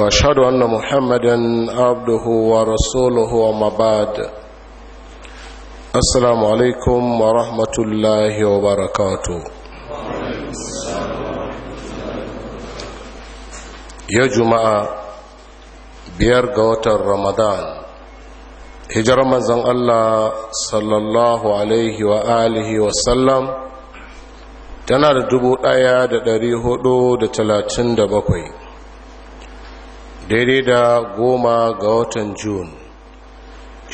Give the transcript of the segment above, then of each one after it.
واشهد ان محمدا عبده ورسوله وما بعد السلام عليكم ورحمه الله وبركاته يا جماعه biyar ga watan ramadan hijirar mazan allah sallallahu alaihi wa alihi wa sallam tana da dubu ɗaya da dari hudu da talatin da bakwai daidai da goma ga watan Jun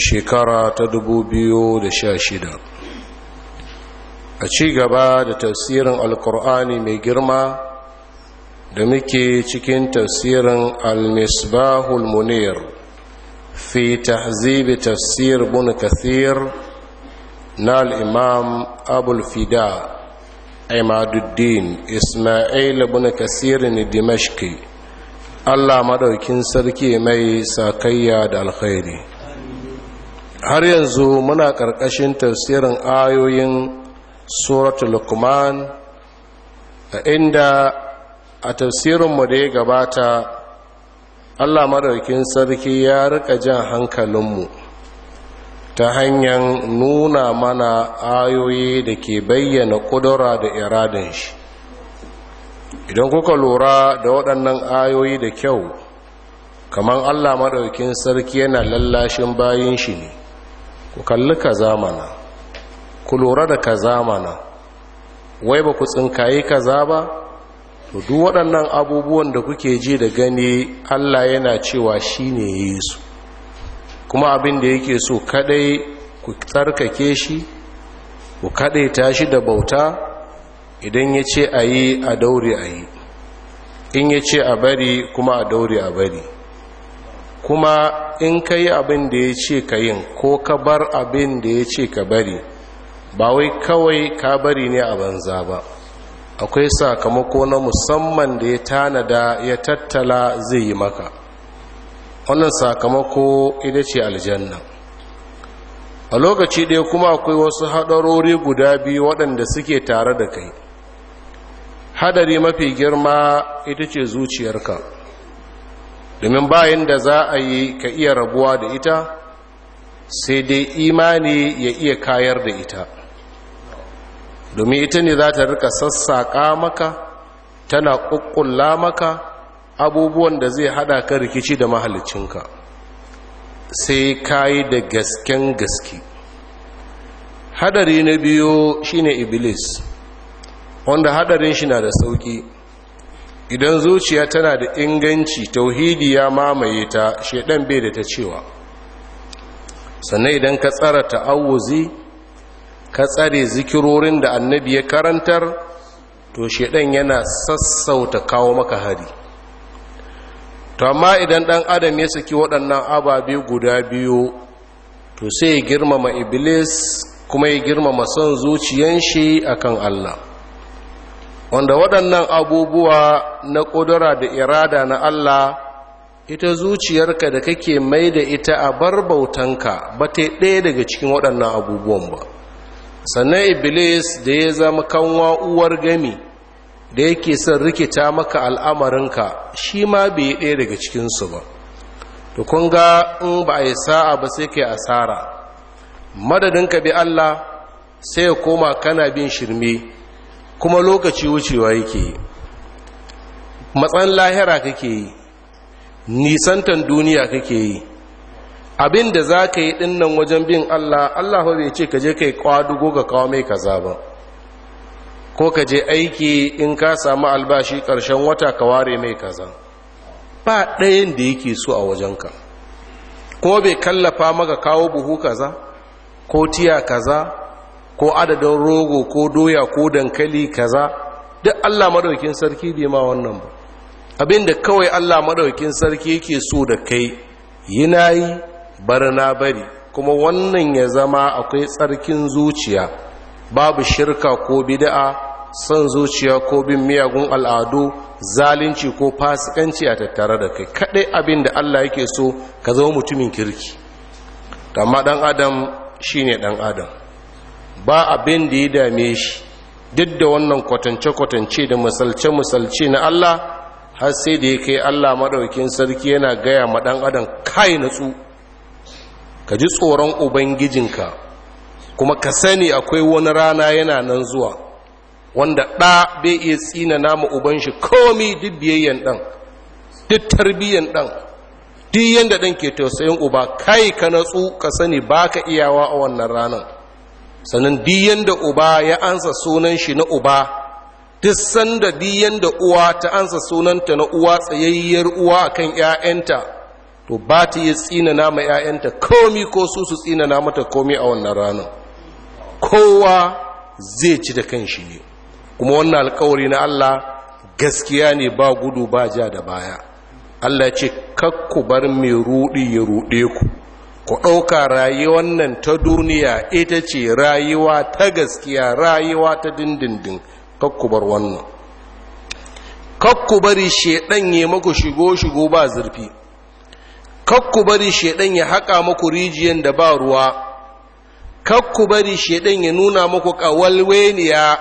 shekara ta dubu biyu da sha shida. a ci gaba da tafsirin alkur'ani mai girma da muke cikin tafsirin al-misbahul munir fi tahzibi tafsir bun kathir na al-imam abul fida ismail bin kathir ne dimashki Allah maɗaukin sarki mai sakayya da alkhairi har yanzu muna ƙarƙashin tafsirin ayoyin suratul lukman inda a tafsirinmu da ya gabata Allah maɗaukin sarki ya rika jan hankalinmu ta hanyar nuna mana ayoyi da ke bayyana ƙudura da iradin shi idan kuka lura da waɗannan ayoyi da kyau kamar allah maɗaukin sarki yana lallashin bayan shi ne ku kalli ka zamana ku lura da ka zamana wai ba ku tsinkayi kaza ba to duk waɗannan abubuwan da kuke ji da gani allah yana cewa shi ne yi su kuma abin da yake so kaɗai ku tsarkake shi ku kaɗai tashi da bauta idan ya ce a yi a daure a yi in ya ce a bari kuma a daure a bari kuma in ka yi abin da ya ce ka yin ko ka bar abin da ya ce ka bari ba wai kawai ka bari ne a banza ba akwai sakamako na musamman da ya tanada ya tattala zai yi maka wannan sakamako ita ce aljanna a lokaci ɗaya kuma akwai wasu haɗarori guda biyu waɗanda suke tare da kai hadari mafi girma ita ce zuciyarka domin bayan da za a yi ka iya rabuwa da ita sai dai imani ya iya kayar da ita domin ita ne za ta rika sassaƙa maka tana ƙuƙƙulla maka abubuwan da zai hada ka rikici da mahalicinka sai kayi da gasken gaske hadari na biyu shine iblis wanda hadarin shi na da sauki idan zuciya tana da inganci tauhidi ya mamaye ta shedan bai da ta cewa sannan idan ka tsara ta'awuzi ka tsare zikirorin da annabi ya karantar to shedan yana sassauta kawo maka hari to amma idan dan adam ya saki waɗannan ababe guda biyu to sai ya girmama iblis kuma ya girmama son zuciyan shi akan Allah wanda waɗannan abubuwa na ƙudura da irada na Allah ita zuciyarka da kake mai da ita a barbautanka ba ta ɗaya daga cikin waɗannan abubuwan ba sannan iblis da ya zama kanwa uwar gami da yake son rikita maka al'amarinka shi ma bai ɗaya daga cikinsu ba to kun ga in ba a yi sa'a ba sai kai asara madadin ka bi Allah sai ya koma kana bin shirme kuma lokaci wucewa yake yi matsan lahira kake yi nisantan duniya kake yi abin da za ka yi dinnan wajen bin allah allah bai ce ka je ka yi kwadugo kawo mai kaza ba ko ka je aiki in ka samu albashi ƙarshen wata ka ware mai kaza ba ɗayan da yake so a wajen ka. Ko bai kallafa maka kawo buhu kaza ko tiya kaza ko adadin rogo ko doya ko dankali kaza duk Allah madaukin sarki bai ma wannan ba abinda kawai Allah madaukin sarki yake so da kai yinayi barna bar na bari kuma wannan ya zama akwai tsarkin zuciya babu shirka ko bid'a son zuciya ko bin miyagun al'adu zalunci ko fasikanci a tattare da kai kadai abinda Allah yake so ka zama mutumin kirki amma dan adam shine dan adam ba abin da ya dame shi duk da wannan kwatance-kwatance da misalce-misalce na Allah har sai da ya kai Allah maɗaukin sarki yana gaya ma ɗan adam kai natsu ka ji tsoron ubangijinka kuma ka sani akwai wani rana yana nan zuwa wanda ɗa bai iya tsina nama uban shi komi duk biyayyen ɗan duk tarbiyyan ɗan duk yadda ɗan ke tausayin uba kai ka natsu ka sani ba ka iyawa a wannan ranar sannan diyan da uba ya ansa sunan shi na uba duk sanda diyan da uwa ta ansa sunanta na uwa tsayayyar uwa akan ƴaƴanta to ba ta yi tsinana ma ƴaƴanta komi ko su su tsina mata komi a wannan ranar kowa zai ci da kanshi ne kuma wannan alkawari na Allah gaskiya ne ba gudu ba ja da baya Allah ce kakku bar mai rudi ya rude ku ku ɗauka rayuwar nan ta duniya ita ce rayuwa ta gaskiya rayuwa ta dindindin bar wannan kakku bari shaidan ya maku shigo-shigo ba zurfi kakku bari shaidan ya haƙa maku rijiyar da ba ruwa kakku bari shaidan ya nuna maku ƙawalweniya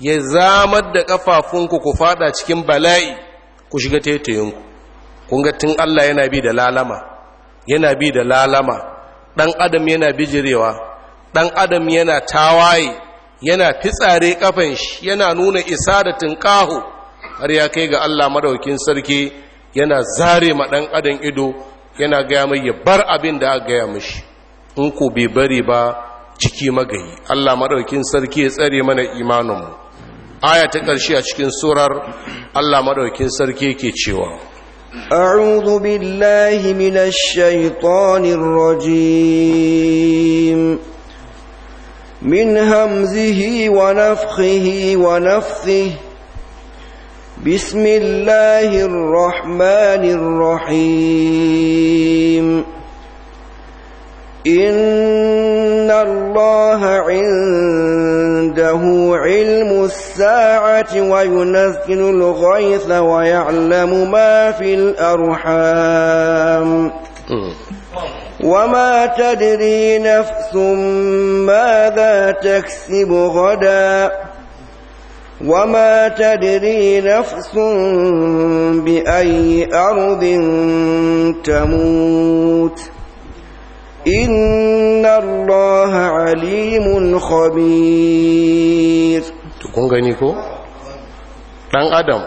ya zamar da ƙafafunku ku fada cikin bala'i ku shiga taitayinku kun ga allah yana bi da lalama yana bi da lalama ɗan adam yana bijirewa ɗan adam yana tawaye yana fitsare kafan shi yana nuna isa da tunƙaho har ya kai ga allah madaukin sarki yana zare ma ɗan adam ido yana gaya mai ya bar abin da aka gaya mashi in ku bai bari ba ciki magayi allah madaukin sarki ya tsare mana imaninmu aya ta ƙarshe a cikin surar allah madaukin sarki yake cewa أعوذ بالله من الشيطان الرجيم من همزه ونفخه ونفثه بسم الله الرحمن الرحيم إن الله عنده علم الساعة وينزل الغيث ويعلم ما في الأرحام وما تدري نفس ماذا تكسب غدا وما تدري نفس بأي أرض تموت inna allaha alimun khabir to kun gani ko dan adam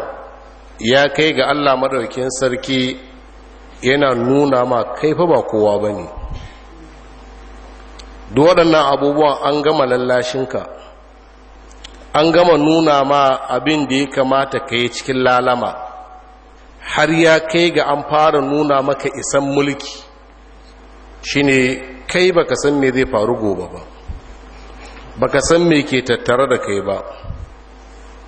ya kai ga Allah madaukakin sarki yana nuna ma kaifa ba kowa bane duk waɗannan abubuwan an gama lallashinka an gama nuna ma abin da ya kamata ka yi cikin lalama har ya kai ga an fara nuna maka isan mulki shine kai baka san me zai faru gobe ba baka san me ke tattare da kai ba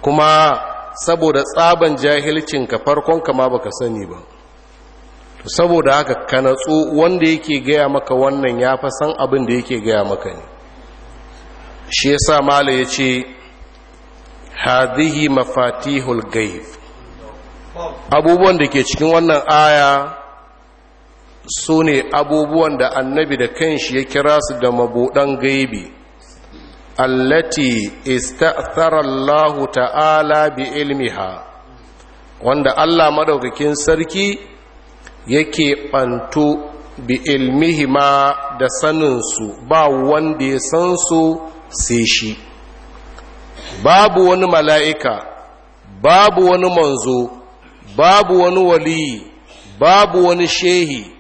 kuma saboda tsaban jahilcin ka farkon kama baka sani ba saboda haka ka natsu wanda yake gaya maka wannan ya fa san abin da yake gaya maka ne shi yasa mala yace hadhihi mafatihul ghaib abubuwan da ke cikin wannan aya su ne abubuwan da annabi da kanshi ya kira su da mabuɗan gaibi allati ista'thara Allah ta'ala bi ilmiha wanda Allah madaukakin sarki yake bantu bi ilmihi ma da saninsu ba wanda ya san su sai shi babu wani mala'ika babu wani manzo babu wani wali, babu wani shehi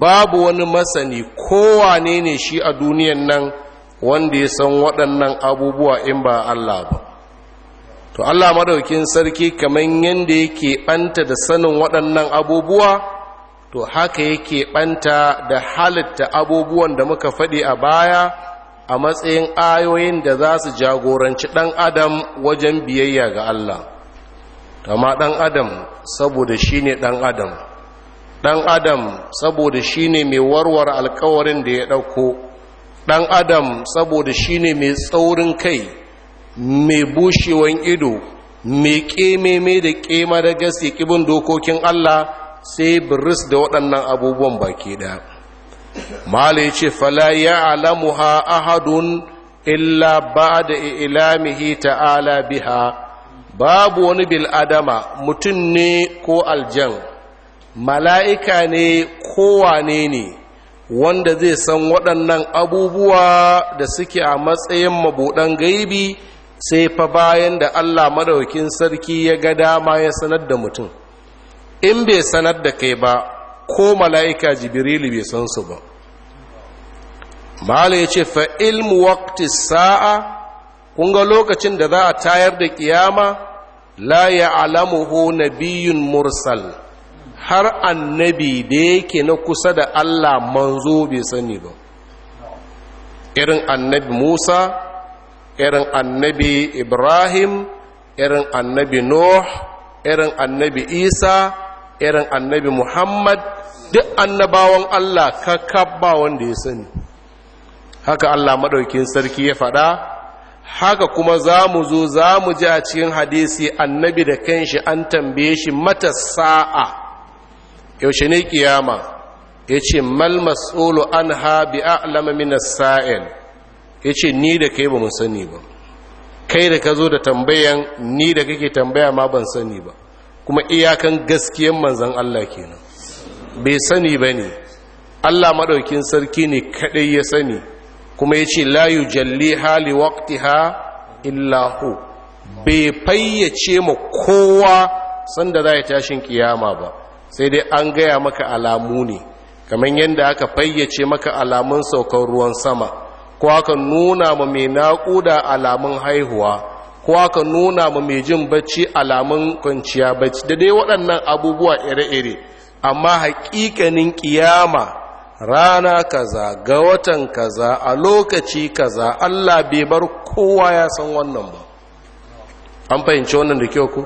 babu wani masani kowa ne shi a duniyan nan wanda ya san waɗannan abubuwa in ba Allah ba to Allah madaukin sarki kamar yanda yake banta da sanin waɗannan abubuwa to haka yake banta da halitta abubuwan da muka faɗi a baya a matsayin ayoyin da za su jagoranci ɗan adam wajen biyayya ga Allah amma ɗan adam saboda shi ne ɗan adam ɗan adam saboda shi ne mai warwar alkawarin da ya ɗauko ɗan adam saboda shi ne mai tsaurin kai mai bushewan ido mai ƙememe da ƙema da gaske ƙibin dokokin allah sai biris da waɗannan abubuwan baki ɗaya mala ya ce fala ya alamu ha ahadun illa ba da ilamihi ta'ala biha babu wani bil adama, mutum ne ko aljan mala'ika ne kowane ne wanda zai san waɗannan abubuwa da suke a matsayin mabuɗan gaibi sai fa bayan da Allah madaukin sarki ya ga dama ya sanar da mutum in bai sanar da kai ba ko mala'ika jibrilu bai san su ba mala ya ce fa ilmu wakti sa'a kunga lokacin da za a tayar da ƙiyama la ya alamuhu nabiyun mursal har annabi da yake na kusa da Allah manzo bai sani ba irin annabi Musa irin annabi Ibrahim irin annabi Nuh irin annabi Isa irin annabi Muhammad duk annabawan Allah ka kabba wanda ya sani haka Allah madaukin sarki ya faɗa haka kuma za mu zo za mu ji a cikin hadisi annabi da kanshi an tambaye shi mata sa'a yaushe ne kiyama ya ce mal an ha bi a'lama min sa'il ya ce ni da kai ba mun sani ba kai da ka zo da tambayan ni da kake tambaya ma ban sani ba kuma iyakan gaskiyan manzan Allah kenan bai sani ba ne Allah maɗaukin sarki ne kaɗai ya sani kuma ya ce layu jalli hali waƙti ha illahu bai fayyace ma kowa sanda za ya tashin kiyama ba sai dai an gaya maka alamu ne kamar yadda aka fayyace maka alamun saukar ruwan sama ko aka nuna ma mai naƙuda alamun haihuwa ko aka nuna ma mai jin bacci alamun kwanciya bacci da dai waɗannan abubuwa ire-ire amma haƙiƙanin ƙiyama rana kaza ga watan kaza a lokaci kaza Allah bai bar kowa ya san wannan ba an fahimci wannan da kyau ku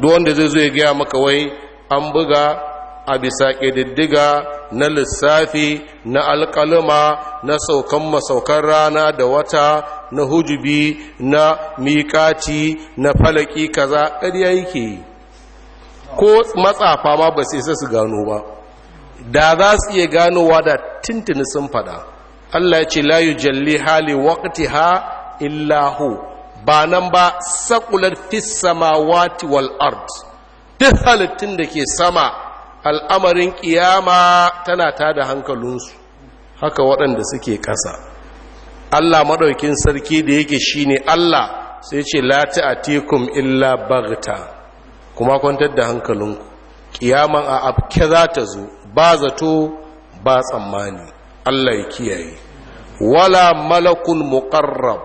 duk wanda zai zo ya gaya maka wai an buga a bisa ƙididdiga na lissafi na alƙaluma na saukan masaukan rana da wata na hujubi na miƙaci na falaki kaza ƙarya yake yi. ko matsafa ma ba isa su gano ba da za su iya ganowa da tintini sun fada Allah ya ce layu jalli hali waƙti ha illahu ba nan ba saƙular fis wati wal duk halittun da ke sama al'amarin kiyama tana ta da hankalinsu haka waɗanda suke ƙasa allah maɗaukin sarki da yake shi ne allah sai ce lati a tekun illa bagta kuma kwantar da hankalinku kiyaman a abke za ta zo ba zato ba tsammani allah ya kiyaye wala malakun muƙarrab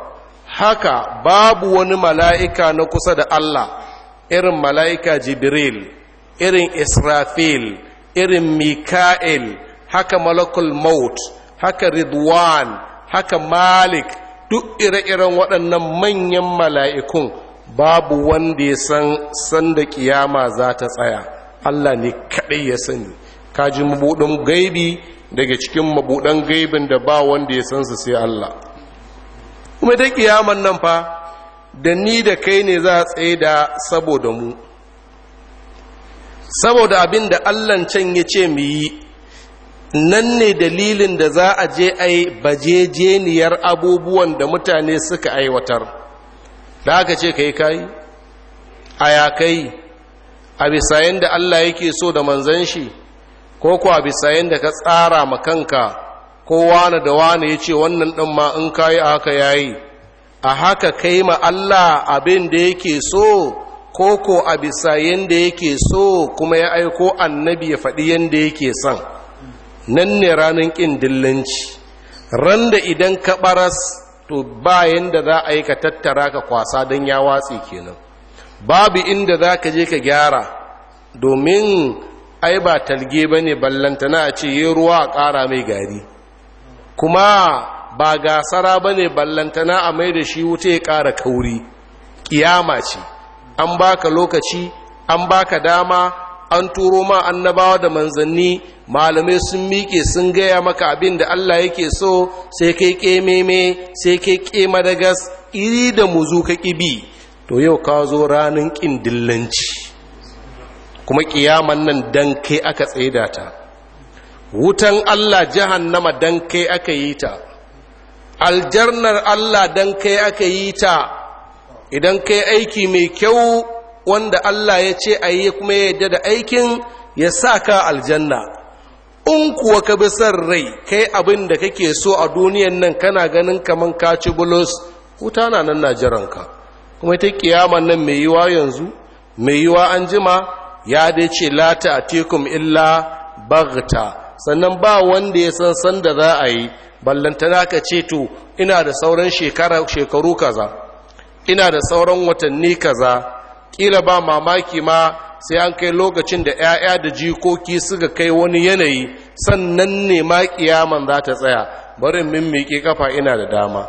haka babu wani mala'ika na kusa da allah irin mala'ika jibril irin israfil irin mika'il haka malakul maut haka ridwan haka malik duk ire-iren waɗannan manyan mala'ikun babu wanda ya san sanda kiyama za ta tsaya Allah ne kaɗai ya sani kaji mabuɗin gaibi daga cikin mabuɗin gaibin da ba wanda ya san sai Allah kuma da kiyaman nan fa da ni da kai ne za a tsaye da saboda mu saboda abin da allan can ya ce mu yi nan ne dalilin da za a je a yi bajejeniyar abubuwan da mutane suka aiwatar da aka ce kai kai a ya kai a bisayen da allah yake so da manzan shi ko ku a bisayen da ka tsara ma kanka ko wane da wane ya ce wannan ɗin ma in kayi a haka yayi a haka kai ma Allah abin da yake so ko ko a bisa yadda yake so kuma ya aiko annabi ya faɗi yadda yake son nan ne ranar ƙin dillanci ran da idan ka ɓaras to ba yadda za a yi ka tattara ka kwasa don ya watsi kenan babu inda za ka je ka gyara domin ai ba talge ba ne ballantana a ce yi ruwa a ƙara mai gari kuma ba gasara ba ne ballantana a mai da shi wuta ya ƙara kauri ƙiyama ce an baka lokaci an baka dama an turo ma annabawa da manzanni malamai sun miƙe sun gaya maka abin da allah yake so sai kai Ke-meme sai kai ƙema da iri da muzu ka ƙibi to yau ka zo ranar ƙin dillanci kuma ƙiyaman nan dan kai aka tsaye wutan allah jahannama dan kai aka yi ta aljarnar Allah don kai aka yi ta idan kai aiki mai kyau wanda Allah ya ce a yi kuma ya yadda da aikin ya sa ka aljanna in kuwa ka bi son rai kai abin da kake so a duniyan nan kana ganin kaman ka ci bulus wuta na nan na jiranka kuma ita kiyaman nan mai yiwa yanzu mai yiwa an jima ya dai ce lata a tekun illa bagta sannan ba wanda ya san sanda za a yi ballantana ka ce to ina da sauran shekaru kaza ina da sauran watanni kaza kila ba mamaki ma sai an kai lokacin da 'ya'ya da jikoki suka kai wani yanayi sannan ne ma kiyaman za ta tsaya barin min miƙe kafa ina da dama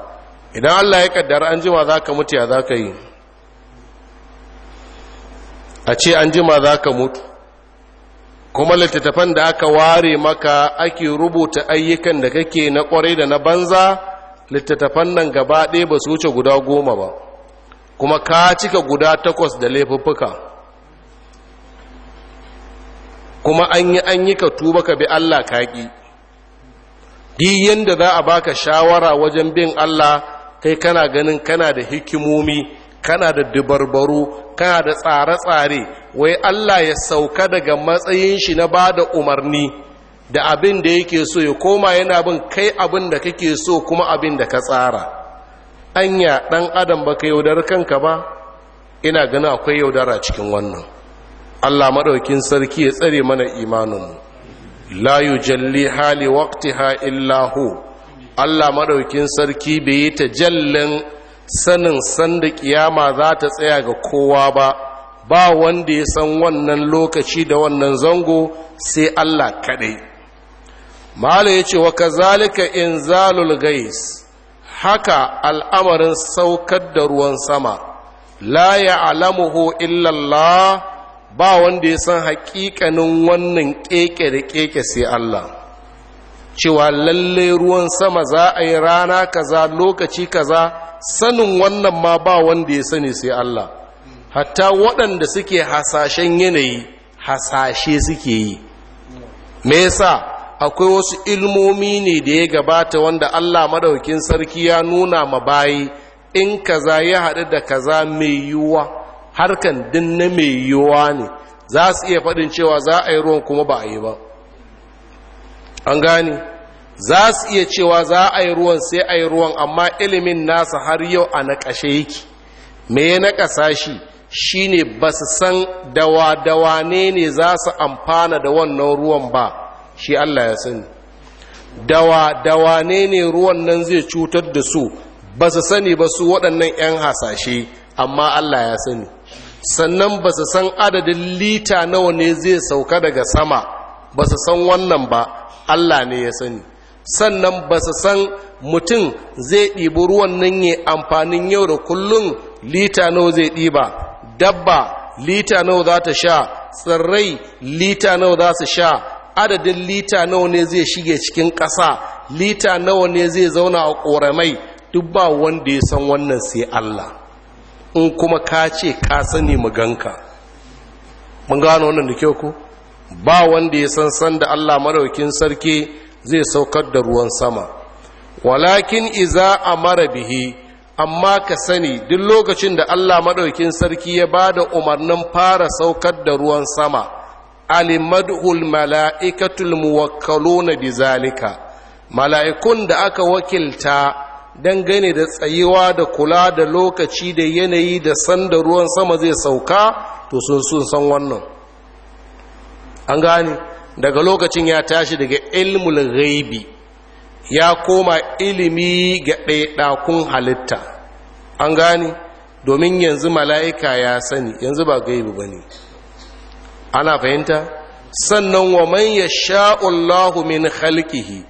idan allah ya kaddara an jima za ka mutu ya za ka yi a ce an jima za ka mutu kuma littattafan da aka ware maka ake rubuta ayyukan da kake na kwarai da na banza littattafan nan gaba ɗaya ba su wuce guda goma ba kuma ka cika guda takwas da laifuffuka kuma an yi an yi ka tuba ka bi Allah ka ƙi yadda za a baka shawara wajen bin Allah kai kana ganin kana da hikimomi kana da dubarbaru kana da tsare-tsare wai Allah ya sauka daga matsayin shi na bada umarni da abin da yake so ya koma yana bin kai abin da kake so kuma abin da ka tsara anya ɗan adam ba ka yaudar kanka ba ina gana akwai yaudara cikin wannan Allah maɗaukin sarki ya tsare mana imaninmu la yujalli hali waqtiha illa Allah maɗaukin sarki bai yi ta tajallin sanin sanda kiyama za ta tsaya ga kowa ba ba wanda ya san wannan lokaci da wannan zango sai Allah kaɗai mala ya ce wa kazalika in zalul gais haka al'amarin saukar da ruwan sama la ya alamuhu illallah ba wanda ya san haƙiƙanin wannan keke da keke sai Allah cewa lalle ruwan sama za a yi rana kaza lokaci kaza sanin wannan ma ba wanda ya sani sai Allah hatta waɗanda suke hasashen yanayi hasashe suke yi me yasa akwai wasu ilmomi ne da ya gabata wanda Allah madaukin sarki ya nuna ma bayi in kaza ya haɗu da kaza mai yiwuwa harkan din na mai yiwuwa ne za su iya faɗin cewa za a yi ruwan kuma ba a yi ba an gane za su iya cewa za a yi ruwan sai a yi ruwan amma ilimin nasa har yau a naƙashe yake me ya naƙasa shi Shi ne ba su san dawa-dawa ne ne za su amfana da wannan ruwan ba shi Allah ya sani dawa-dawa ne ne ruwan nan zai cutar da su ba su sani ba su waɗannan 'yan hasashe amma Allah ya sani sannan ba su san adadin lita nawa ne zai sauka daga sama ba su san wannan ba Allah ne ya sani sannan ba su san mutum zai ɗibi ruwan nan ya amfanin yau da kullum lita nawa zai ɗiba dabba lita nawa za ta sha tsirrai lita nawa za su sha adadin lita nawa ne zai shige cikin ƙasa lita nawa ne zai zauna a ƙoramai duk ba wanda ya san wannan sai Allah in kuma ka ce ka sani mu ganka mun gano wannan da kyau ko ba wanda ya san sanda Allah maraukin sarki zai saukar da ruwan sama walakin iza a mara bihi amma ka sani duk lokacin da Allah maɗaukin sarki ya ba da umarnin fara saukar da ruwan sama alimadul mala'ikatul na bizalika mala'ikun da aka wakilta dangane da tsayewa da kula da lokaci da yanayi da sanda ruwan sama zai sauka to sun sun san wannan an gane daga lokacin ya tashi daga ilmul ghaibi ya koma ilimi ga ɗaiɗakun halitta an gane domin yanzu mala'ika ya sani yanzu ba gaibi ba ne ana fahimta sannan wa man ya sha'ullahu min halkihi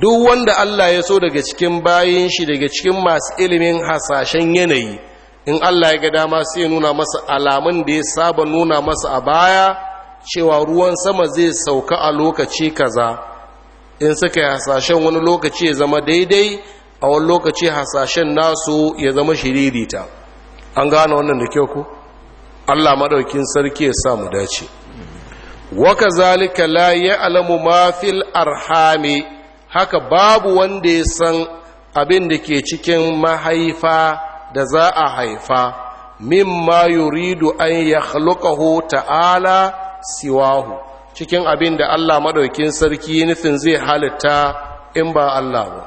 duk wanda Allah ya so daga cikin bayan shi daga cikin masu ilimin hasashen yanayi in Allah ya ga dama sai ya nuna masa alamun da ya saba nuna masa a baya cewa ruwan sama zai sauka a lokaci kaza in suka yi hasashen wani lokaci ya zama daidai a wani lokaci hasashen nasu ya zama shiririta an gane wannan da kyau ku allah maɗaukin sarki ya sa dace waka zalika la ya alamu mafil arhami haka babu wanda ya san abin da ke cikin mahaifa da za a haifa mimma yuridu an ya ta'ala siwahu cikin abin da Allah maɗaukin sarki nufin zai halitta in ba Allah ba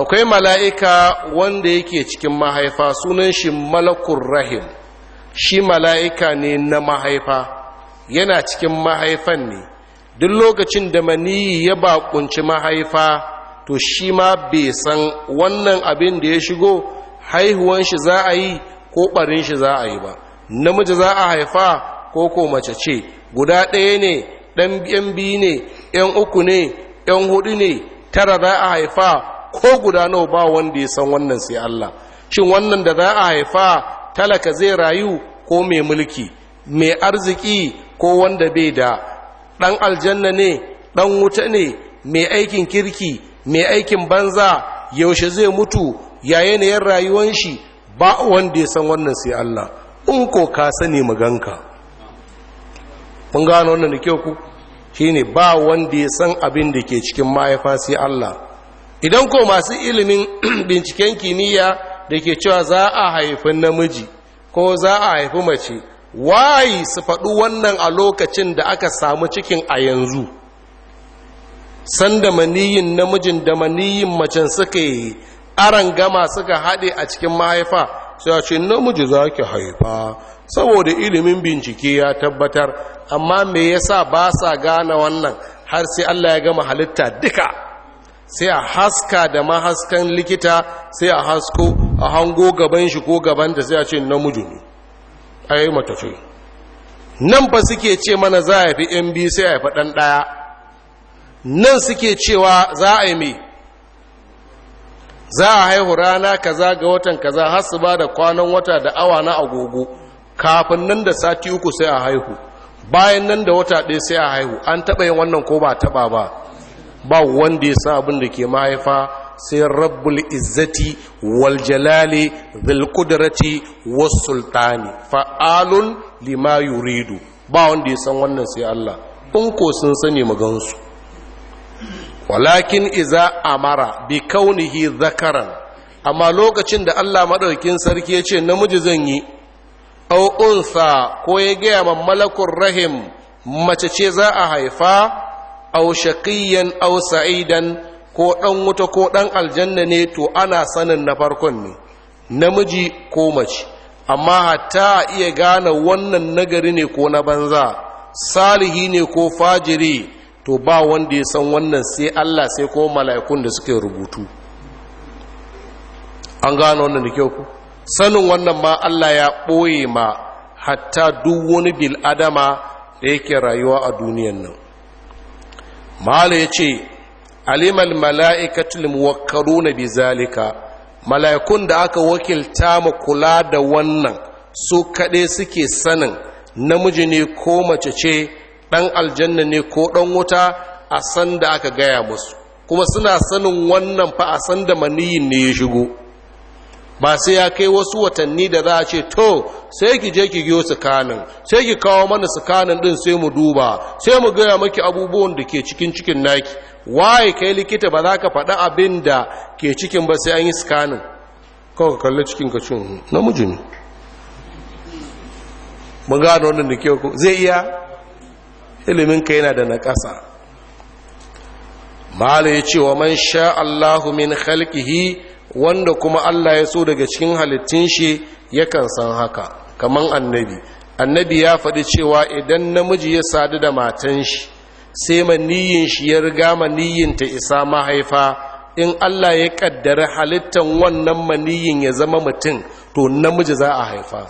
akwai mala'ika wanda yake cikin mahaifa sunan shi malakun rahim shi mala'ika ne na mahaifa yana cikin mahaifan ne duk lokacin da maniyi ya bakunci mahaifa to shi ma bai san wannan abin da ya shigo haihuwan shi za a yi ko ɓarin shi za a yi ba namiji za a haifa ko ko mace ce guda ɗaya ne ɗan yan biyu ne ɗan uku ne yan hudu ne tara za a haifa ko guda nawa ba wanda ya san wannan sai Allah shin wannan da za a haifa talaka zai rayu ko mai mulki mai arziki ko wanda bai da ɗan aljanna ne ɗan wuta ne mai aikin kirki mai aikin banza yaushe zai mutu ya yanayin rayuwan shi ba wanda ya san wannan sai Allah in ko ka sani maganka mun gano wannan da kyau ku shine ba wanda ya san abin da ke cikin mahaifa sai Allah idan ko masu ilimin binciken kimiyya da ke cewa za a haifi namiji ko za a haifi mace wayi su faɗi wannan a lokacin da aka samu cikin a yanzu sanda maniyin namijin da maniyin macen suka yi aran gama suka haɗe a cikin mahaifa sai a ce namiji za ki haifa saboda ilimin bincike ya tabbatar amma me yasa ba sa gane wannan har sai Allah ya gama halitta duka sai a haska da mahaskan likita sai a hasko a hango gaban shi ko gaban da sai a ce namiji ne Ayi, mata ce nan ba suke ce mana za a fi MB sai a fi dan daya nan suke cewa za a yi za a haihu rana kaza ga watan kaza har su ba da kwanan wata da awa na agogo kafin nan da sati uku sai a haihu bayan nan da wata ɗaya sai a haihu an taɓa yin wannan ko ba taɓa ba ba wanda ya sa abin da ke mahaifa sai rabbul izzati wal jalali dhil qudrati was sultani fa'alun lima yuridu ba wanda ya san wannan sai Allah Bunko ko sun sani magansu walakin iza amara bi kaunihi zakaran amma lokacin da Allah maɗaukin sarki ya ce namiji zan yi aw unsa ko ya gaya ma malakun rahim mace ce za a haifa aw shaqiyan au sa'idan ko ɗan wuta ko ɗan aljanna ne to ana sanin na farkon ne namiji ko mace amma hatta iya gane wannan nagari ne ko na banza salihi ne ko fajiri to ba wanda ya san wannan sai Allah sai ko mala'ikun da suke rubutu an gano wannan da kyau ku sanin wannan ma Allah ya ɓoye ma hatta duk wani bil'adama da yake rayuwa a duniyan nan mala ya ce alimal mala'ikatul muwakkaru na bizalika mala'ikun da aka wakilta ma kula da wannan su kaɗai suke sanin namiji ne ko mace ce ɗan aljanna ne ko ɗan wuta a san da aka gaya musu kuma suna sanin wannan fa a san da maniyin ne ya shigo ba sai ya kai wasu watanni da za a ce to sai ki je ki giyo sukanin sai ki kawo mana sukanin din sai mu duba sai mu gaya maki abubuwan da ke cikin cikin naki waye kai likita ba za ka faɗi abin da ke cikin ba sai an yi sukanin kawai ka kalli cikin ka cin hmm, namiji ne mun gano wannan da kyau zai iya ilimin ka yana da na ƙasa mala ya ce wa man sha Allahu min khalqihi wanda kuma Allah ya so daga cikin halittun shi yakan san haka kaman annabi annabi ya faɗi cewa idan namiji ya sadu da matan shi sai maniyin shi ya riga maniyin ta isa mahaifa in Allah ya kaddara halittan wannan maniyin ya zama mutum to namiji za a haifa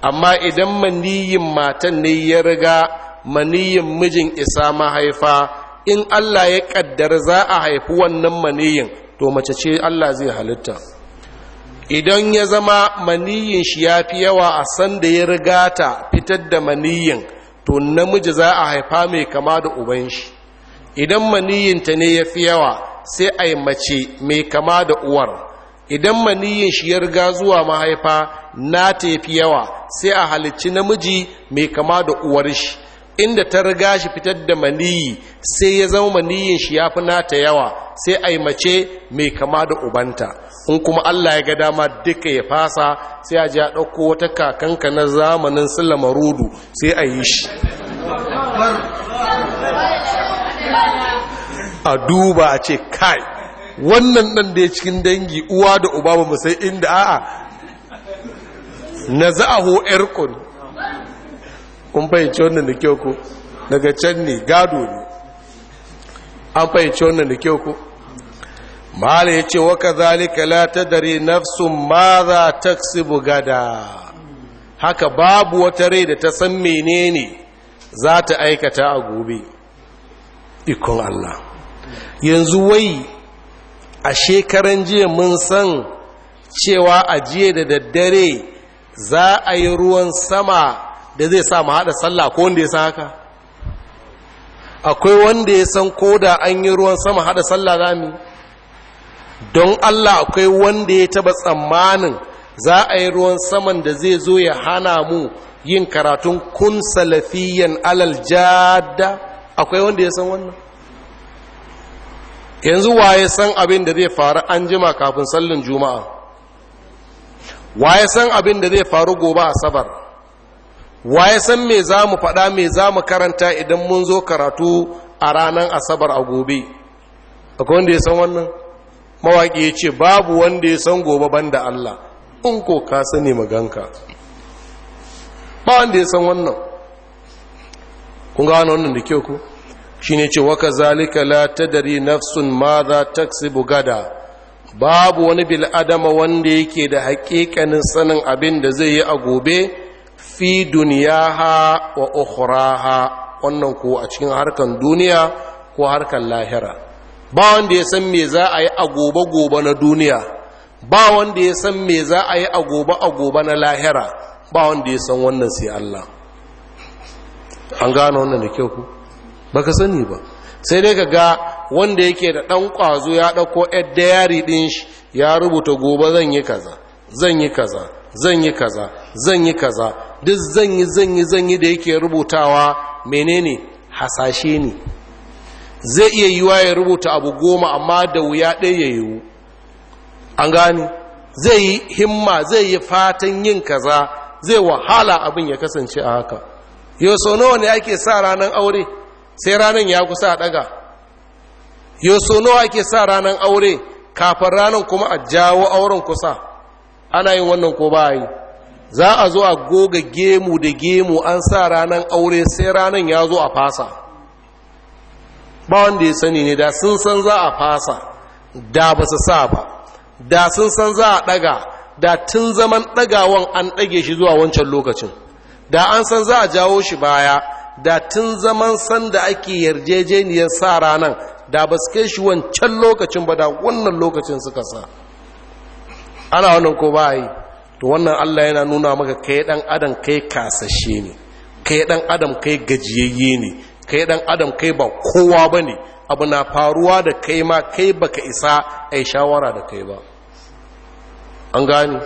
amma idan maniyin matan ne ya riga maniyin mijin isa mahaifa in Allah ya kaddara za a haifi wannan maniyin to mace ce Allah zai halitta idan ya zama maniyin shi ya fi yawa a san da ya riga ta fitar da maniyin to namiji za a haifa mai kama da uban shi idan maniyinta ne ya fi yawa sai a yi mace mai kama da uwar idan maniyin shi ya riga zuwa mahaifa na fi yawa sai a halicci namiji mai kama da uwar shi inda ta riga shi fitar da maniyi sai ya zama maniyin shi ya fi nata yawa sai a yi mace mai kama da ubanta in kuma allah ya ga dama duka ya fasa sai a ji a ɗauko wata kakanka na zamanin silamarudu, sai a yi shi a duba a ce kai wannan ɗan da ya cikin dangi uwa da uba ba sai inda a'a na za'ahu ƙuri kun fahimci wannan da kyau ku? daga can ne gado ne an fahimci wannan da kyau ku? mahala ya ce waka zalika la ta dare nafsun ma za ta gada haka babu wata rai da ta san menene za ta aikata a gobe ikon Allah yanzu wai a shekaran jiya mun san cewa a jiya da daddare za a yi ruwan sama da zai sa mu haɗa sallah ko wanda ya san haka akwai wanda ya san ko da an yi ruwan sama haɗa sallah za mu don allah akwai wanda ya taɓa tsammanin za a yi ruwan saman da zai zo ya hana mu yin karatun kun salafiyan alal jada akwai wanda ya san wannan yanzu waye san abin da zai faru an jima kafin sallin juma'a waye san abin da zai faru gobe a sabar wa ya san me za mu faɗa me za mu karanta idan mun zo karatu a ranar asabar a gobe akwai wanda ya san wannan mawaƙi ya ce babu wanda ya san gobe banda Allah in ko ka sani maganka ba wanda ya san wannan kun ga wannan da kyau ku shi ne ce waka zalika la tadari nafsun ma za taksibu gada babu wani bil'adama wanda yake da haƙiƙanin sanin abin da zai yi a gobe fi duniyaha wa ukhraha wannan ko a cikin harkan duniya ko harkan lahira ba wanda ya san me za a yi a gobe gobe na duniya ba wanda ya san me za a yi a gobe a gobe na lahira ba wanda ya san wannan sai Allah an gano wannan da kyau ku baka sani ba sai dai ga wanda yake da ɗan ƙwazo ya ɗauko yadda diary din shi ya rubuta gobe zan yi kaza zan yi kaza zan yi kaza zan yi kaza duk zan yi zan yi zan yi da yake rubutawa menene hasashe ne zai iya yiwa ya rubuta abu goma amma da wuya ɗaya ya yiwu an gane zai yi himma zai yi fatan yin kaza zai wahala abin ya kasance a haka yau nawa ne ake sa ranar aure sai ranar ya kusa ɗaga yau nawa ake sa ranar aure kafin ranar kuma a jawo auren kusa ana yin wannan ko ba yi za a zo a goga gemu da gemu an sa ranar aure sai ranar ya zo a fasa ba wanda ya sani ne da sun san za a fasa da ba su sa ba da sun san za a ɗaga da tun zaman ɗagawan an ɗage shi zuwa wancan lokacin da an san za a jawo shi baya da tun zaman san da ake yarjejeniyar sa ranar da ba su kai shi wancan lokacin ba da wannan lokacin suka sa ana wannan ko ba yi to wannan Allah yana nuna maka kai dan adam kai kasashe ne kai dan adam kai gajiyayye ne kai dan adam kai ba kowa bane abu na faruwa da kai ma kai baka isa ai shawara da kai ba an gani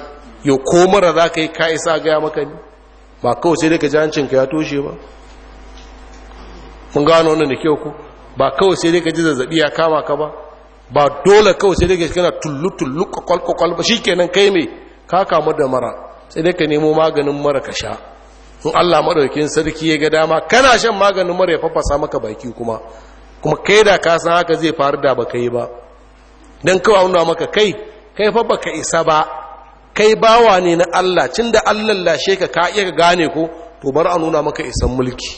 yau ko mara za ka yi ka isa gaya maka ne ba kawai sai daga ka ya toshe ba mun gano wannan da kyau ku ba kawai sai daga ji zazzabi ya kama ka ba ba dole kawai sai daga kana tullu tullu kwakwal kwakwal ba shikenan kai mai ka kamu da mara sai dai ka nemo maganin mara ka sha in Allah madaukin sarki ya ga dama kana shan maganin mara ya fafasa maka baki kuma kuma kai da ka san haka zai faru da baka yi ba dan kawai nuna maka kai kai fa baka isa ba kai bawa ne na Allah cin da Allah lashe ka ka iya gane ko to bar a nuna maka isan mulki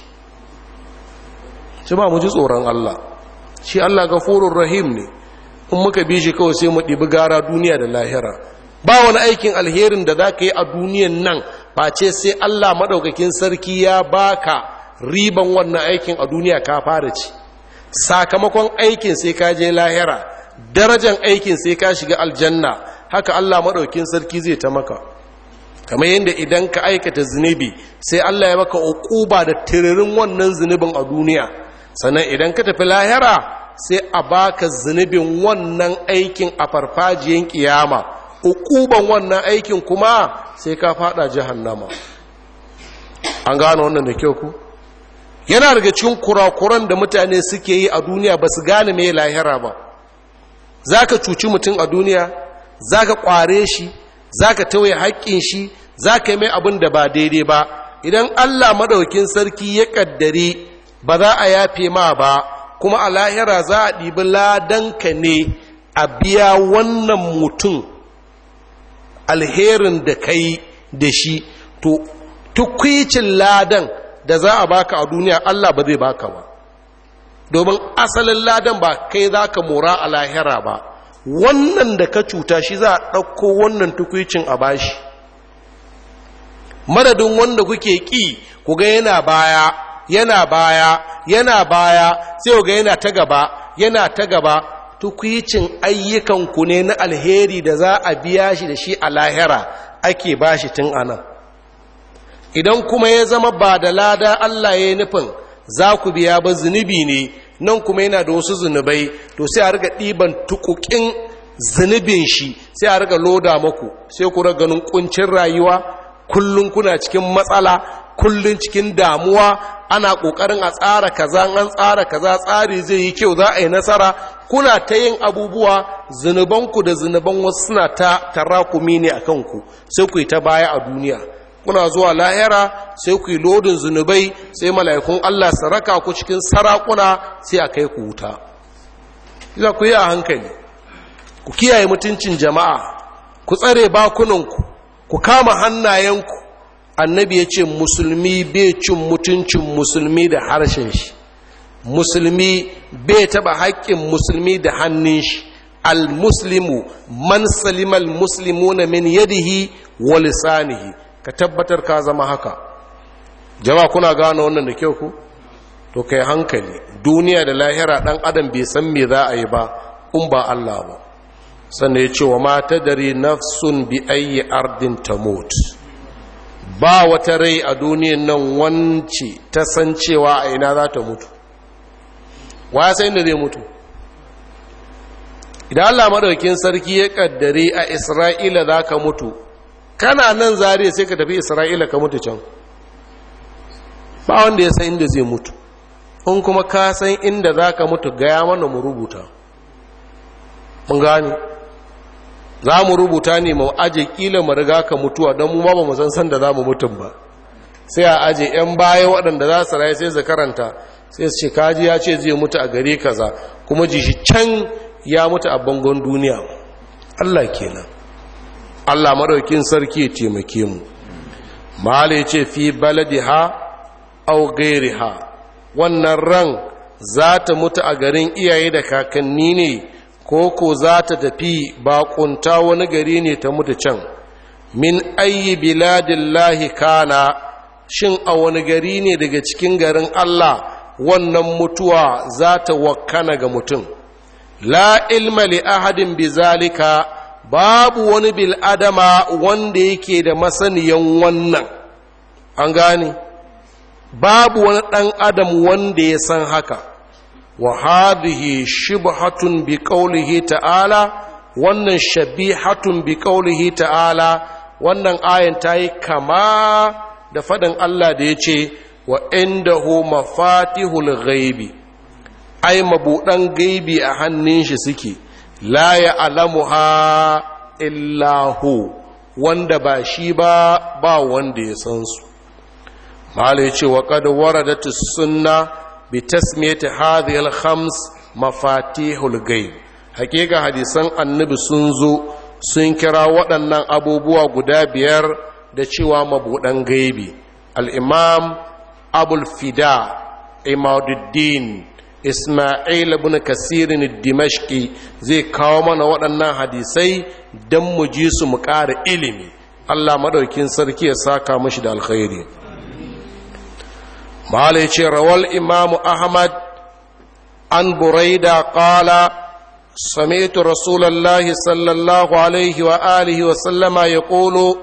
ce ba mu ji tsoron Allah shi Allah gafurur rahim ne in muka bi shi kawai sai mu ɗibi gara duniya da lahira ba wani aikin alherin da za ka yi a duniyan nan face sai Allah maɗaukakin sarki ya baka riban wannan aikin a duniya ka fara ci sakamakon aikin sai ka je lahira darajan aikin sai ka shiga aljanna haka Allah maɗaukakin sarki zai ta maka kamar yadda idan ka aikata zunubi sai Allah ya maka uquba da tiririn wannan zunubin a duniya sannan idan ka tafi lahira sai a baka zunubin wannan aikin a farfajiyan kiyama ukuban wannan aikin kuma sai ka fada jahannama an gano wannan da kyau ku yana daga cikin kurakuran da mutane suke yi a duniya ba su gane mai lahira ba za ka cuci mutum a duniya za ka kware shi za ka tauye haƙƙin shi za ka yi mai abin da ba daidai ba idan allah maɗaukin sarki ya ƙaddare ba za a yafe ma ba kuma a lahira za a ɗibi ladanka ne a biya wannan mutum alherin da kai da shi to tukwicin ladan da za a baka a duniya Allah ba zai baka ba domin asalin ladan ba kai za ka mora a lahira ba wannan da ka cuta shi za a ɗauko wannan tukwicin a bashi madadin wanda kuke ƙi ku ga yana baya yana baya yana baya sai ku ga yana ta gaba yana ta gaba tukwicin ayyukanku ne na alheri da za a biya shi da shi a lahira ake ba shi tun anan idan kuma ya zama ba da lada Allah ya yi nufin za ku biya ba zunubi ne nan kuma yana da wasu zunubai to sai a riga ɗiban tukukin zunubin shi sai a riga loda maku sai ku ganin kuncin rayuwa kullum kuna cikin matsala Kullum cikin damuwa ana ƙoƙarin a tsara kaza an tsara kaza tsari zai yi kyau za a yi nasara kuna ta yin abubuwa zunubanku da zunuban wasu suna ta tarakumi ne a kanku sai ku yi ta baya a duniya kuna zuwa lahira sai ku yi lodin zunubai sai mala'ikun Allah saraka ku cikin sarakuna sai a kai ku wuta za ku yi a hankali ku kiyaye mutuncin jama'a ku tsare bakunanku ku kama hannayenku annabi ya ce musulmi bai cin mutuncin musulmi da harshen shi musulmi bai taba haƙƙin musulmi da hannun shi almuslimu man salimal na min yadihi wa lisanihi ka tabbatar ka zama haka jama'a kuna gane wannan da kyau ku to kai hankali duniya da lahira dan adam bai san me za a yi ba in ba Allah ba sannan ya ce wa mata dari nafsun bi ayyi ardin tamut ba wata rai a duniyan nan wance ta san cewa a ina za ta mutu wa sai inda zai mutu idan Allah maɗaukin sarki ya kaddare a Isra'ila za ka mutu kana nan zariya sai ka tafi Isra'ila ka mutu can ba wanda ya san inda zai mutu in kuma ka san inda za ka mutu gaya mana mu rubuta mun gani za mu rubuta ne mu aje ƙila mu riga ka mutuwa don mu ba mu san san da za mu mutum ba sai a aje yan baya waɗanda za su raye sai su karanta sai su ce kaji ya ce zai mutu a gare kaza kuma ji shi can ya mutu a bangon duniya Allah kenan Allah madaukin sarki ya taimake mu mala ya ce fi au aw ha. wannan ran za ta mutu a garin iyaye da kakanni ne ko ko za ta tafi baƙunta wani gari ne ta mutu can min ayi biladillahi kana shin a wani gari ne daga cikin garin Allah wannan mutuwa za ta wakana ga mutum la ilma li ahadin bizalika babu wani bil'adama wanda yake da masaniyan wannan an gane babu wani ɗan adam wanda ya san haka wa hadhihi shibhatun bi qawlihi ta'ala wannan shabihatun bi qawlihi ta'ala wannan ayan tayi kama da faɗin Allah da yace wa indahu mafatihul ghaibi ai mabuɗan gaibi a hannun shi suke la ya alamuha illahu wanda ba shi ba ba wanda ya san su malai ce wa kad waradat sunna bi tasmiyati hadhihi al-khams mafatihul ghaib hakika hadisan annabi sun zo sun kira waɗannan abubuwa guda biyar da cewa mabuɗan gaibi al-imam abul fida imaduddin isma'il ibn kasirin dimashqi zai kawo mana waɗannan hadisai dan mu ji su mu ƙara ilimi allah maɗaukin sarki ya saka mashi da alkhairi mala ya ce rawal imamu ahmad an buraida qala sami'tu Rasulallah sallallahu alaihi wa alihi wa sallama ya ƙolo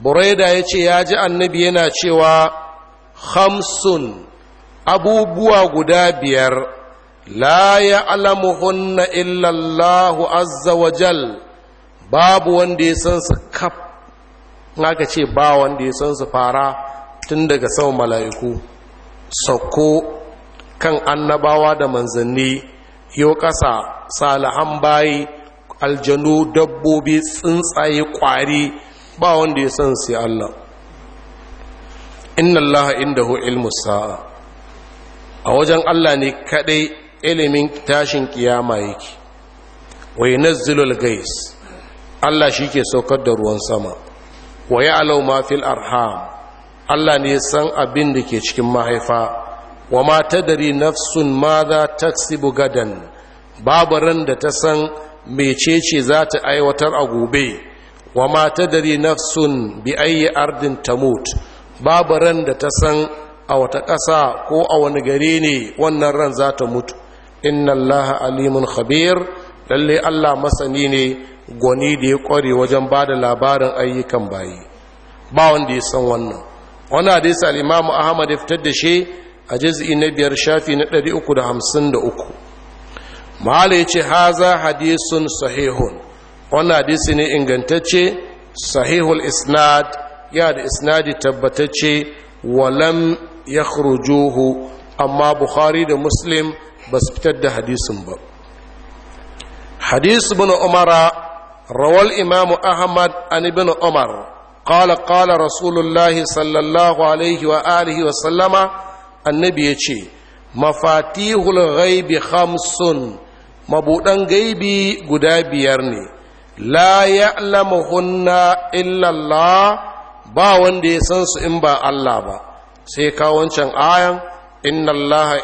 buraida ya ce ya ji annabi yana cewa hamsun abubuwa guda biyar la ya alamuhunna illallahu azza wa jal babu wanda ya san su kaf ce ba wanda ya san su fara tun daga sama mala'iku sauko kan annabawa da manzanni yau ƙasa salahan bayi aljanu dabbobi tsuntsaye ƙwari ba wanda ya san sai Allah inna Allah hu ilmu sa'a a wajen Allah ne kaɗai ilimin tashin kiyama yake wa yunazzilul gais Allah shi ke saukar da ruwan sama wa ya ma fil arham Allah ne san abin da ke cikin mahaifa wa ma ta dari nafsun ma za taksibu gadan babu ran da ta san mecece za ta aiwatar a gobe wa ma ta dari nafsun bi ayi ardin tamut babu ran da ta san a wata ƙasa ko a wani gare ne wannan ran za ta mutu inna Allah alimun khabir lalle allah masani ne gwani da ya kware wajen ba da labarin ayyukan bayi ba wanda ya san wannan wani hadisi al'imamu ahmad ya fitar da shi a jiz'i na biyar shafi na 353 mahala ya ce haza hadisun sahihun wani hadisi ne ingantacce sahihul isnad ya da isnadi tabbatacce walam ya amma bukhari da muslim ba su fitar da hadisin ba Hadisu bin umara rawal imamu ahmad an ibn umar qala qala rasulullahi sallallahu alaihi wa alihi wa sallama annabi ya ce mafatihul ghaibi khamsun mabudan gaibi guda biyar ne la ya'lamuhunna illa Allah ba wanda ya sansu in ba Allah ba sai ka wancan ayan inna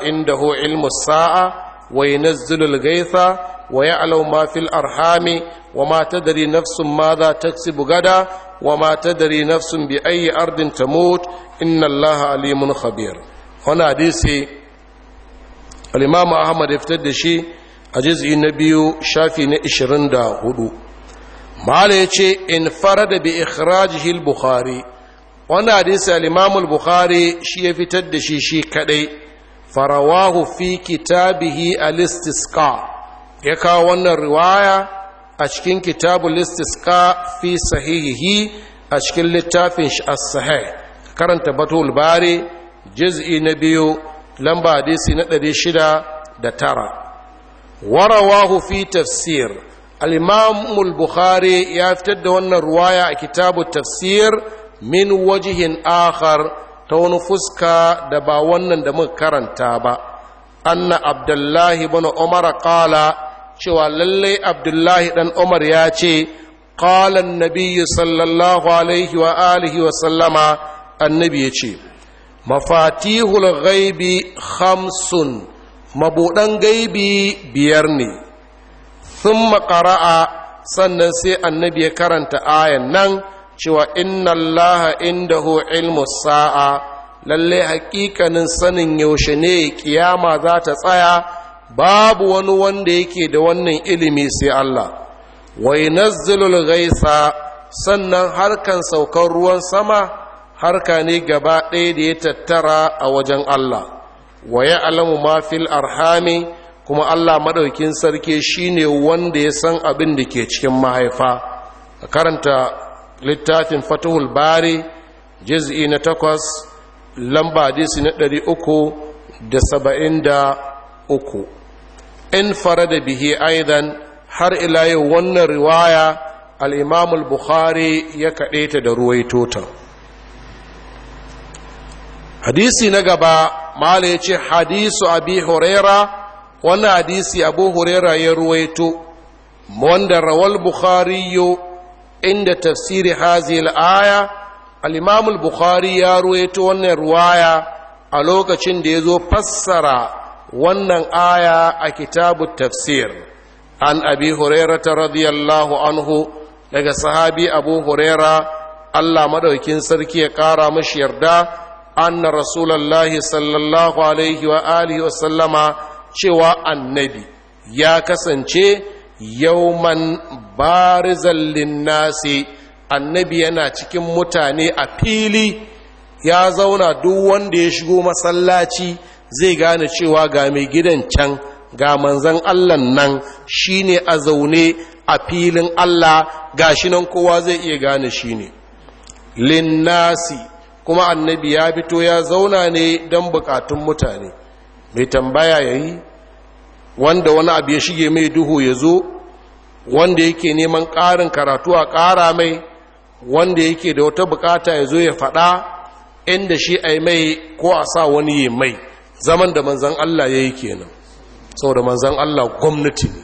in indahu ilmus sa'a Wai yunazzilul gaitha wa ya'lamu ma fil arhami wa ma tadri nafsun madha taksibu gada wa ma tadri bi ayyi ardin tamut inna allaha alimun khabir wannan hadisi al-imam ahmad ya fitar da shi a juz'i na biyu shafi na 24 mala yace in farada bi ikhrajihi al-bukhari wannan hadisi al bukhari shi ya fitar da shi shi kadai farawahu fi kitabihi al-istisqa ya kawo wannan riwaya a cikin kitabu istisqa fi sahihihi a cikin littafin shi sahih karanta batul bari juz'i na biyu lamba hadisi na tara. warawahu fi tafsir al bukhari ya fitar da wannan riwaya a kitabu tafsir min wajihin akhar ta wani fuska da ba wannan da muka karanta ba anna abdullahi bin umar qala cewa lallai abdullahi dan umar ya ce qala Nabiyyu sallallahu alaihi wa alihi wa sallama annabi ya ce mafatihul ghaibi khamsun mabudan gaibi biyar ne thumma qara'a sannan sai annabi ya karanta ayan nan cewa inna inda hu ilmu sa'a lalle hakikanin sanin yaushe ne kiyama za ta tsaya babu wani wanda yake da wannan ilimi sai Allah wai nazzilul gaisa sannan harkan saukar ruwan sama harka ne gaba ɗaya da ya tattara a wajen Allah wa ya alamu ma fil arhami kuma Allah maɗaukin sarki shine wanda ya san abin da ke cikin mahaifa A karanta littafin fatuhul bari jiz'i na takwas lamba hadisi na ɗari uku da saba'in da uku in fara da bihi aidan har ila yau wannan riwaya al'imamul buhari ya kaɗe ta da ruwaito ta hadisi na gaba mala ya ce hadisu abi huraira wani hadisi abu huraira ya ruwaito wanda rawal bukhari yo inda tafsiri hazil aya al-imam al-bukhari ya ruwaito wannan ruwaya a lokacin da ya zo fassara wannan aya a kitabu tafsir an abi hurairata radiyallahu anhu daga sahabi abu huraira allah madaukin sarki ya kara mashi yarda anna rasulullahi sallallahu alaihi wa alihi wa sallama cewa annabi ya kasance yauman barizan linnasi annabi yana cikin mutane a fili ya zauna duk wanda ya shigo masallaci zai gane cewa ga mai gidan can ga manzan Allah nan shine a zaune a filin Allah ga shi nan kowa zai iya gane shi shine linnasi kuma annabi ya fito ya zauna ne don bukatun mutane mai tambaya yayi wanda wani abu ya shige mai duhu ya zo wanda yake neman ƙarin karatu a ƙara mai wanda yake da wata bukata ya zo ya faɗa inda shi a mai ko a sa wani ya mai zaman da manzan Allah ya yi kenan sau da manzan Allah gwamnati ne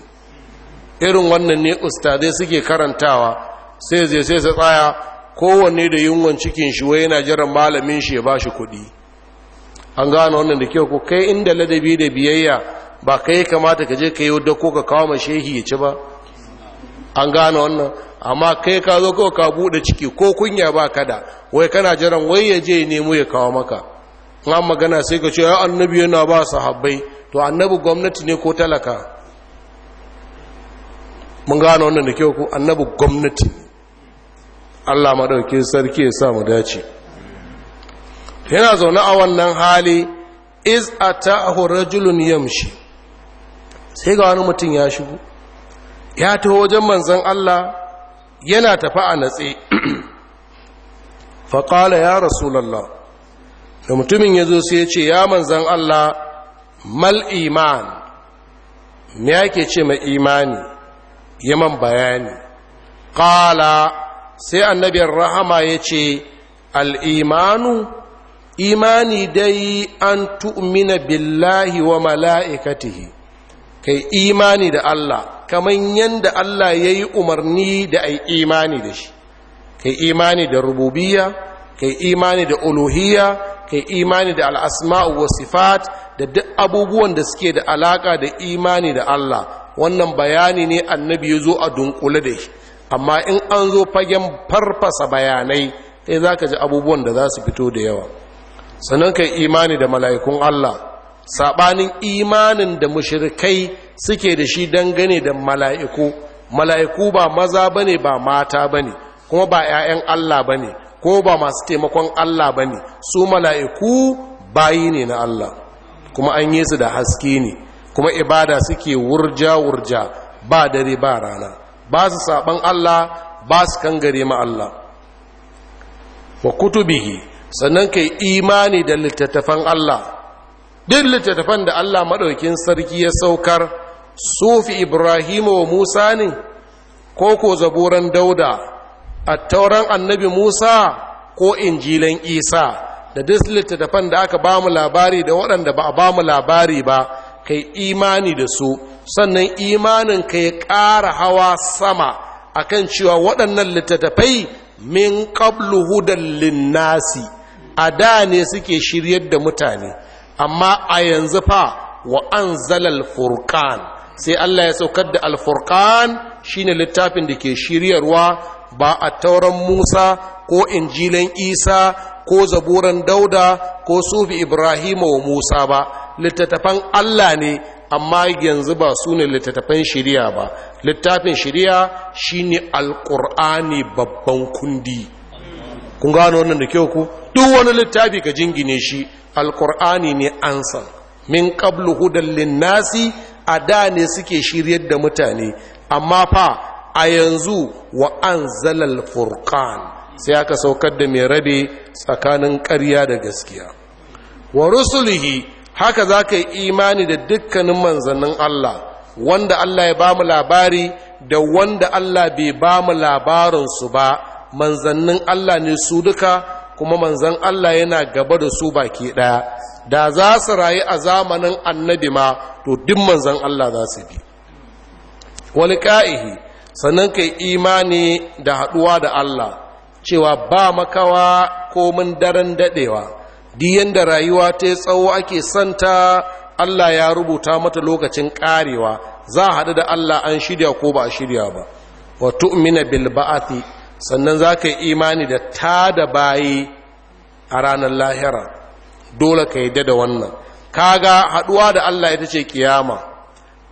irin wannan ne ustadai suke karantawa sai zai sai su tsaya kowanne da yunwan cikin shi wai yana jiran malamin shi ya ba shi kuɗi an gano wannan da kyau ko kai inda ladabi da biyayya ba kai kamata ka je ka yi dako ka kawo ma shehi ya ci ba an gane wannan amma kai ka zo kawai ka buɗe ciki ko kunya ba kada wai kana jiran wai ya je nemo ya kawo maka an magana sai ka ce ya annabi yana ba sahabbai to annabi gwamnati ne ko talaka mun gane wannan da kyau ko annabi gwamnati Allah madauke sarki ya sa mu dace yana zaune a wannan hali iz atahu rajulun yamshi sai ga wani mutum ya shigo ya taho wajen manzan Allah yana tafi a natse faƙala ya rasulallah da mutumin ya zo sai ya ce ya manzan Allah mal iman ya ke ce mai imani ya man bayani ƙala sai annabiyar rahama ya ce al'imanu imani dai an tu'umina billahi wa mala'ikatihi kai imani da Allah kamar yadda Allah ya yi umarni da ai imani da shi kai imani da rububiya. kai imani da uluhiya. kai imani da al'asma'u wa sifat da duk abubuwan da suke da alaƙa da imani da Allah wannan bayani ne annabi ya zo a dunkule da shi amma in an zo fagen farfasa bayanai sai za ka ji abubuwan da za su fito da yawa sannan kai imani da mala'ikun Allah saɓanin imanin da mushirikai suke da shi dangane da mala'iku mala'iku ba maza ba ne ba mata ba ne kuma ba ‘ya'yan Allah ba ne ko ba masu taimakon Allah ba ne su mala'iku bayi ne na Allah kuma an yi su da haske ne kuma ibada suke wurja-wurja ba dare ba rana ba su saɓan Allah ba su kangare ma Allah wa kutubihi sannan kai imani da littattafan Allah duk littattafan da Allah maɗaukin sarki ya saukar sufi ibrahimu wa musa ne ko ko zaburan dauda a tauran annabi musa ko injilan isa da duk littattafan da aka bamu labari da waɗanda ba a bamu labari ba kai imani da su sannan imanin ka ƙara hawa sama akan cewa waɗannan littattafai min qablu hudan linnasi a da ne suke shiryar da mutane amma a yanzu fa wa an zalal furkan sai Allah ya saukar da alfurkan shine littafin da ke shiryarwa ba a tauran musa ko injilan isa ko zaburan dauda ko sufi ibrahima wa musa ba littattafan Allah ne amma yanzu ba su ne littattafan shirya ba littafin shirya shine alkur'ani babban kundi kun gano wannan da kyau ku duk wani littafi ka jingine shi alkur'ani ne ansa min qablu hudan linnasi a da ne suke shiryar da mutane amma fa a yanzu wa anzalal furqan sai aka saukar da mai rabe tsakanin ƙarya da gaskiya wa rusulihi haka za ka yi imani da dukkanin manzannin Allah wanda Allah ya ba mu labari da wanda Allah bai ba mu su ba manzannin Allah ne su duka kuma manzan Allah yana gaba da su baki ɗaya da za su rayu a zamanin annabi ma to duk manzan Allah za su bi wani ka'ihi sannan kai imani da haɗuwa da Allah cewa ba makawa komin daren daɗewa diyan da rayuwa ta tsawo ake santa Allah ya rubuta mata lokacin ƙarewa za a haɗu da Allah an shirya ko ba a shirya ba wa tu'mina bil ba'ati sannan za ka yi imani da ta da bayi a ranar lahira dole ka yadda da wannan kaga haduwa da Allah ita ce kiyama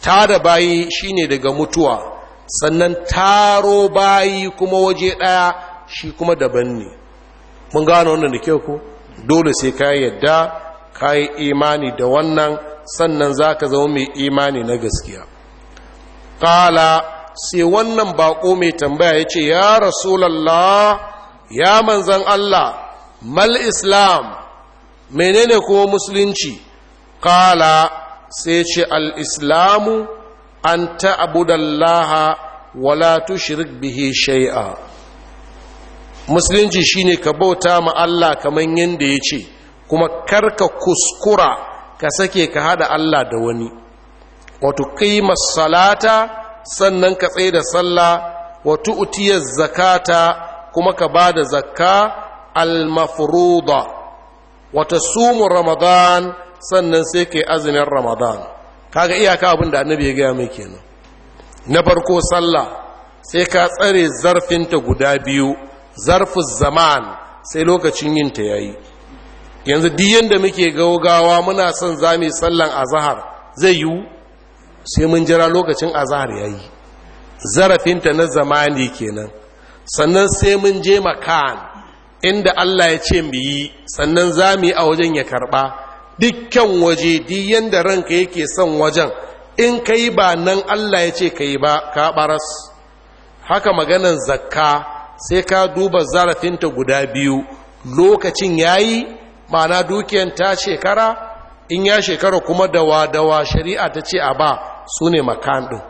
ta da bayi shine daga mutuwa sannan taro bayi kuma waje ɗaya shi kuma daban ne mun gano wannan da kyau ko dole sai ka yadda ka yi imani da wannan sannan za ka zama mai imani na gaskiya ƙala sai wannan baƙo mai tambaya ya ce ya rasulallah ya manzan Allah mal islam menene ko musulunci kala sai ce al-islamu an ta'budallaha wala tushrik bihi shai'a. musulunci shine ka bauta ma Allah kaman ya ce kuma karka kuskura ka sake ka hada Allah da wani wato kai salata sannan ka tsaye da sallah wa tu'tiya zakata kuma ka ba da zakka al-mafruḍa wa tasumu ramadan sannan sai kai azumin ramadan kaga iyaka abin da annabi ya gaya mai kenan na farko sallah sai ka tsare zarfinta guda biyu zarfin zaman sai lokacin yin ta yayi yanzu duk yanda muke gaugawa muna son zami sallan azhar zai yiwu sai mun jira lokacin azahar ya yi zarafinta na zamani kenan sannan sai mun je makan inda allah ya ce mu yi sannan za mu yi a wajen ya karba dukkan waje diyan da ranka yake son wajen in ka yi ba nan allah ya ce ka yi ba ka baras haka maganan zakka sai ka duba zarafinta guda biyu lokacin ya yi ma'ana dukiyan ta shekara in ya shekara kuma dawa dawa shari'a ta ce a ba su ne makan ɗin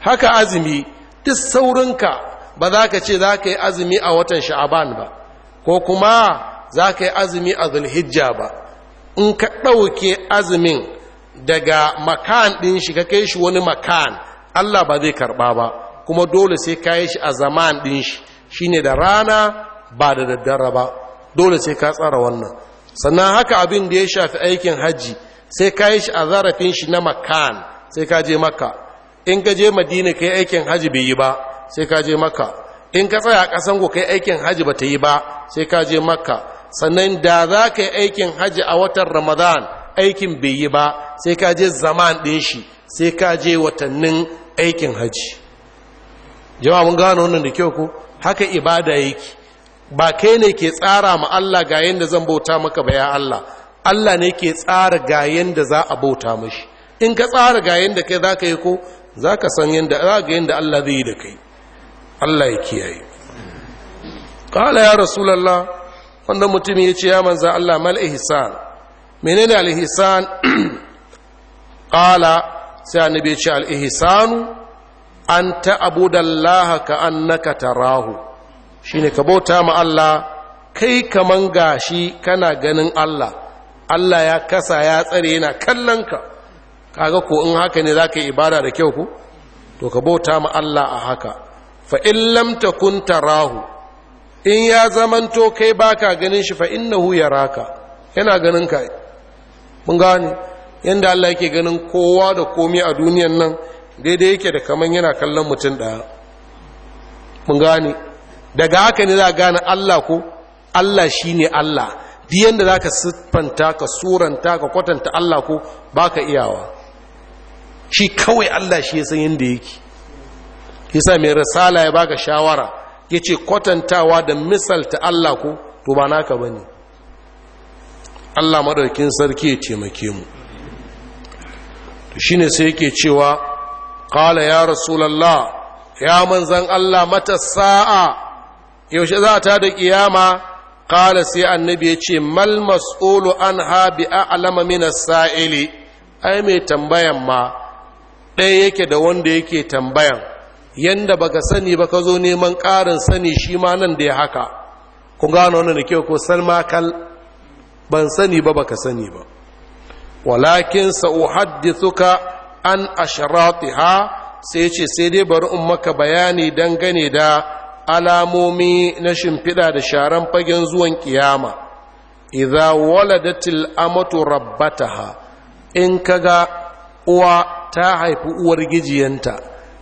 haka azumi duk saurinka ba za ka ce za ka yi azumi a watan sha'aban ba ko kuma za ka yi azumi a zulhijja ba in ka ɗauke azumin daga makan ɗin shi ka kai shi wani makan allah ba zai karɓa ba kuma dole sai ka yi shi a zaman ɗin shi shine da rana ba da daddare ba dole sai ka tsara wannan sannan haka abin da ya shafi aikin hajji sai ka yi shi a zarafin shi na makan sai ka je maka in ka je madina ka yi aikin hajji bai yi ba sai ka je maka in ka tsaya a ƙasan ku ka aikin hajji ba ta yi ba sai ka je maka sannan da za ka yi aikin hajji a watan ramadan aikin bai yi ba sai ka je zaman ɗin shi sai ka je watannin aikin hajji jama'a mun gano wannan da kyau ku haka ibada yake ba kai ne ke tsara ma Allah ga yanda zan bauta maka ba ya Allah Allah ne ke tsara ga yanda za a bauta mashi in ka tsara ga yanda kai za ka yi ko za ka san yanda za ga yanda Allah zai yi da kai Allah ya kiyaye qala ya rasulullah wannan mutum ya ce ya manza Allah mal ihsan menene al ihsan qala sai annabi ya ce al ihsanu an ta'budallaha ka annaka tarahu shine ka bauta ma Allah kai kaman gashi kana ganin Allah Allah ya kasa ya tsare yana kallon ka kaga ko in haka ne zaka yi ibada da kyau ko to ka bauta ma Allah a haka fa in lam takun tarahu in ya zamanto kai baka ganin shi fa innahu yaraka yana ganin ka mun gane yanda Allah yake ganin kowa da komai a duniyan nan daidai yake da kaman yana kallon mutum daya mun gane daga haka ne za a gane Allah ko Allah shine Allah da za ka siffanta ka suranta ka kwatanta Allah ko Ba ka iyawa shi kawai Allah shi ya san yanda yake yasa mai risala ya baka shawara Ya ce kwatantawa da misalta Allah ko to ba naka ne. Allah madaukin sarki ya taimake mu to shine sai yake cewa ƙala ya rasulallah ya manzan Allah mata sa'a yaushe za ta da ƙiyama? Ƙala sai annabi ya ce mal mas'ulu haɓi bi a'lama mina saili ai mai tambayan ma ɗaya yake da wanda yake tambayan yanda baka sani ba ka zo neman ƙarin sani shi ma nan da ya haka kun gano wannan da kyau ko salma kal ban sani ba baka sani ba walakin sa'uhaddithuka an ashratiha sai ce sai dai bari in maka bayani dangane da alamomi na shimfiɗa da sharan fagen zuwan kiyama idza waladatil amatu rabbataha in kaga uwa ta haifi uwar gijiyanta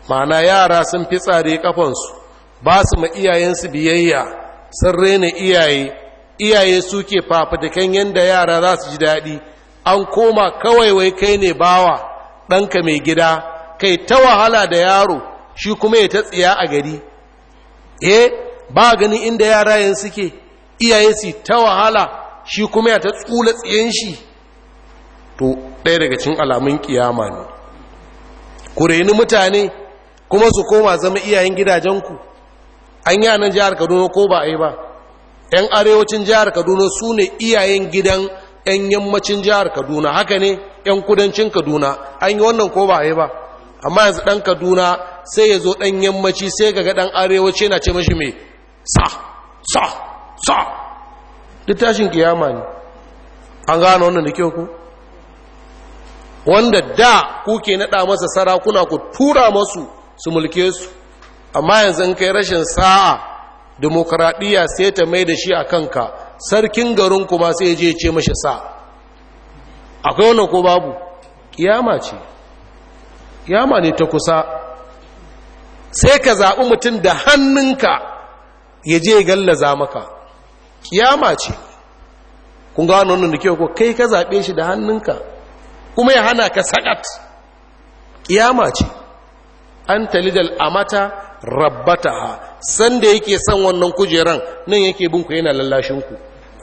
ma'ana yara sun fi tsare kafansu ba su ma iyayensu biyayya sun rena iyaye iyaye suke kan yadda yara za su ji daɗi an koma kawai wai kai ne bawa ɗanka mai gida kai ta wahala da yaro shi kuma ya ta tsiya a gari eh ba gani inda yara yin suke iyaye su ta wahala shi kuma ya ta tsula tsiyen shi to ɗaya daga cin alamun kiyama ne ku reni mutane kuma su koma zama iyayen gidajenku an yi nan jihar kaduna ko ba a yi ba 'yan arewacin jihar kaduna su ne iyayen gidan 'yan yammacin jihar kaduna haka ne 'yan kudancin kaduna an yi wannan ko ba a yi ba amma yanzu ɗan kaduna sai ya zo ɗan yammaci sai ga ɗan arewaci yana ce mashi mai sa sa sa duk tashin kiyama ne an gano wannan da kyau ku wanda da kuke naɗa masa sarakuna ku tura masu su mulke su amma yanzu in kai rashin sa'a demokradiyya sai ta mai da shi a kanka sarkin garin kuma sai je ce mashi sa akwai wannan ko babu kiyama ce kiyama ne ta kusa sai ka zaɓi mutum da hannunka ya je gallaza maka kiyama ce kun gano wannan da kyau ko kai ka zaɓe shi da hannunka kuma ya hana ka sakat kiyama ce an talidal amata San sanda yake son wannan kujeran nan yake binku yana lallashin ku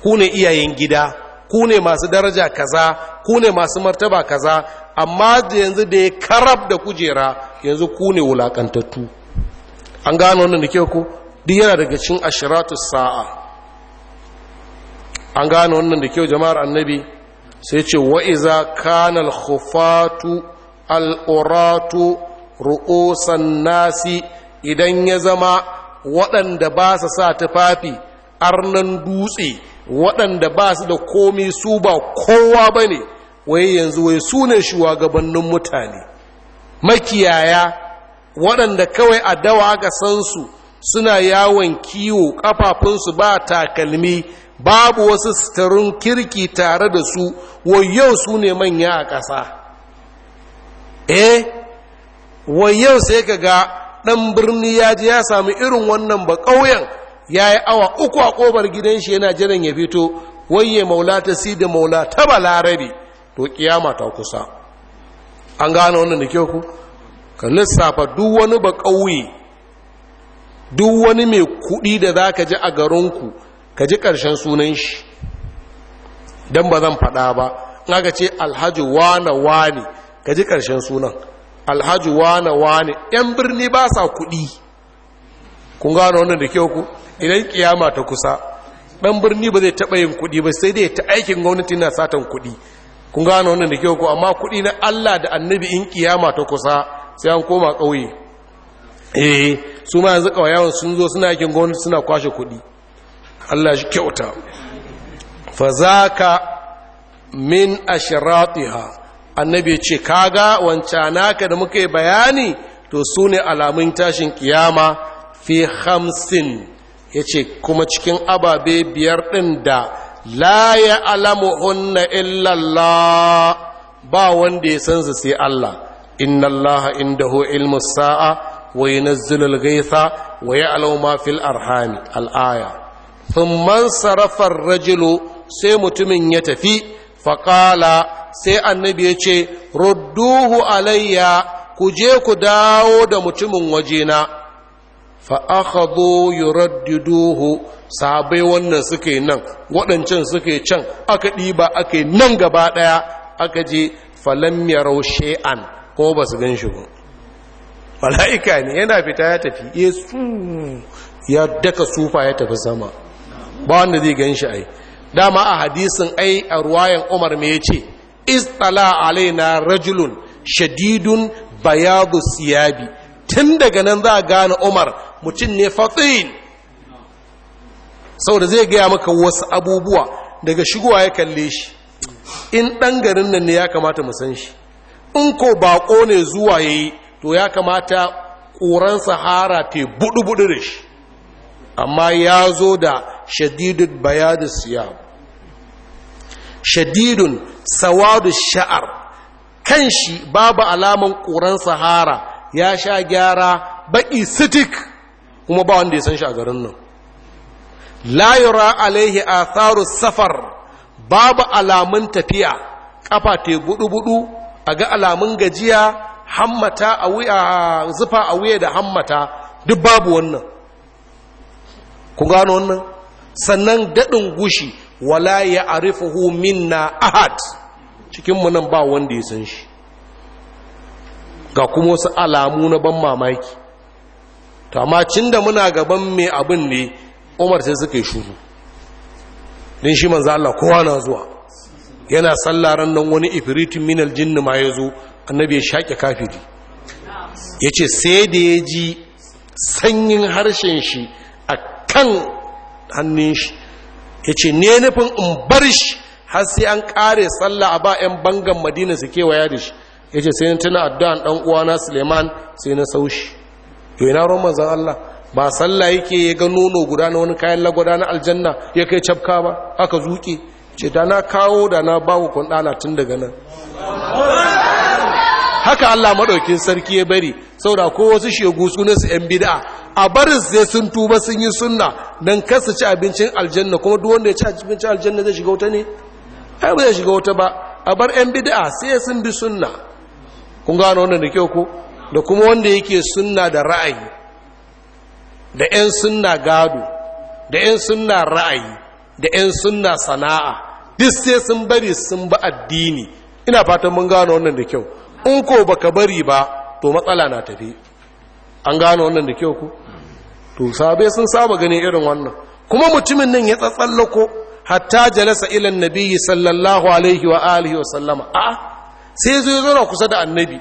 ku ne iyayen gida ku ne masu daraja kaza ku ne masu martaba kaza amma yanzu da ya karab da kujera yanzu ku ne wulaƙantattu? an gano wannan da ke ku duk yana daga cin ashiratu sa'a an gano wannan da kyau jama'ar annabi sai ce wa'iza kanal khufatu al'uratu ru'usan nasi idan ya zama waɗanda ba su sa tufafi arnan dutse waɗanda ba su da komi su ba kowa ba ne wai yanzu wai su ne shugabannin mutane makiyaya waɗanda kawai a dawa ga sansu suna yawon kiwo ƙafafunsu ba takalmi babu wasu sitarun kirki tare da su yau su ne manya a ƙasa eh yau sai ka ga ɗan birni ya ji ya sami irin wannan ba ƙauyen ya yi awa uku a ƙofar gidan shi yana jiran ya fito wayye maula ta si da maula ta balarabe to kiyama ta kusa an gane wannan da kyau ku ka lissafa duk wani ba ƙauye duk wani mai kuɗi da za ka ji a garinku ka ji ƙarshen sunan shi don ba zan faɗa ba na ga ce alhaji wane wane ka ji ƙarshen sunan alhaji wane wane 'yan birni ba sa kuɗi kun gano wannan da kyau ku idan kiyama ta kusa ɗan birni ba zai taɓa yin kuɗi ba sai dai ta aikin gwamnati na satan kuɗi kun gano wannan da kyau ko amma kuɗi na Allah da annabi in kiyama ta kusa sai an koma kauye eh su ma yanzu ƙauyawan sun zo suna yakin gwamnati suna kwashe kuɗi Allah shi kyauta fa ka min ashratiha annabi ya ce kaga ka da muka yi bayani to su ne alamun tashin kiyama fi hamsin ya ce kuma cikin ababe biyar ɗin da la ya alamuhunna illallah ba wanda ya san su sai Allah inna Allah indahu ilmu sa'a wa yunazzilu al-ghaytha wa ya'lamu ma fil arhami al-aya sarafar sarafa sai mutumin ya tafi faƙala, sai annabi ya ce rudduhu alayya ku je ku dawo da mutumin wajena fa akhadhu yuraddiduhu wannan suke nan waɗancan suke can aka ɗiba aka nan gaba ɗaya aka je falam yarau ko ba su gan shi ba mala'ika ne yana fita ya tafi yesu ya daka sufa ya tafi sama ba wanda zai gan shi ai dama a hadisin ai a ruwayan umar mai ce, istala alaina rajulun shadidun bayabu siyabi tun daga nan za a gane umar mutum ne fatsin sau da zai gaya maka wasu abubuwa daga shigowa ya kalle shi in ɗan garin nan ne ya kamata musan shi in ko bako ne zuwa ya yi to ya kamata ƙoran sahara ta buɗu-buɗu da shi amma ya zo da shadidun bayadu siya shadidun sawadu sha'ar kan shi babu alaman ƙoran sahara ya sha gyara baƙi sitik kuma ba wanda ya san shi a garin nan la yura alaihi atharu safar babu alamun tafiya ƙafa te budu a ga alamun gajiya hammata a wuya zufa a wuya da hammata duk babu wannan ku gano wannan sannan daɗin gushi wala ya arifuhu minna ahad cikinmu nan ba wanda ya san shi ga kuma wasu alamu na ban mamaki to amma cin da muna gaban mai abin ne umar sai suka yi shuru din shi manzo Allah kowa na zuwa yana sallaran nan wani ifritin minal jinni ma ya zo annabi ya shaƙe kafiri ya ce sai da ya ji sanyin harshen shi a kan hannun shi ya ce ne nufin in bar shi har sai an kare Sallah a ba'yan bangan madina su kewaya da shi ya ce sai tuna addu'an ɗan uwana suleiman sai na saushi to yana ruwan manzan allah ba sallah yake ya ga nono guda na wani kayan lagwada na aljanna ya kai cafka ba aka zuke ce da na kawo da na ba ku ɗana tun daga nan haka allah maɗaukin sarki ya bari saboda ko wasu shegu suna su yan bid'a a barin sai sun tuba sun yi sunna dan kasa ci abincin aljanna kuma duk wanda ya ci abincin aljanna zai shiga wuta ne ai ba zai shiga wuta ba a bar yan bid'a sai sun bi suna. kun gano wannan da kyau ko da kuma wanda yake sunna da ra'ayi da 'yan sunna gado da 'yan sunna ra'ayi da 'yan sunna sana'a duk sai sun bari sun ba addini ina fatan mun gano wannan da kyau in ko baka bari ba to matsala na tafi an gano wannan da kyau ku to sabai sun saba gani irin wannan kuma mutumin nan ya tsatsallako hatta jalasa ilan nabiyyi sallallahu alaihi wa alihi wa sallama a'a sai zo ya zauna kusa da annabi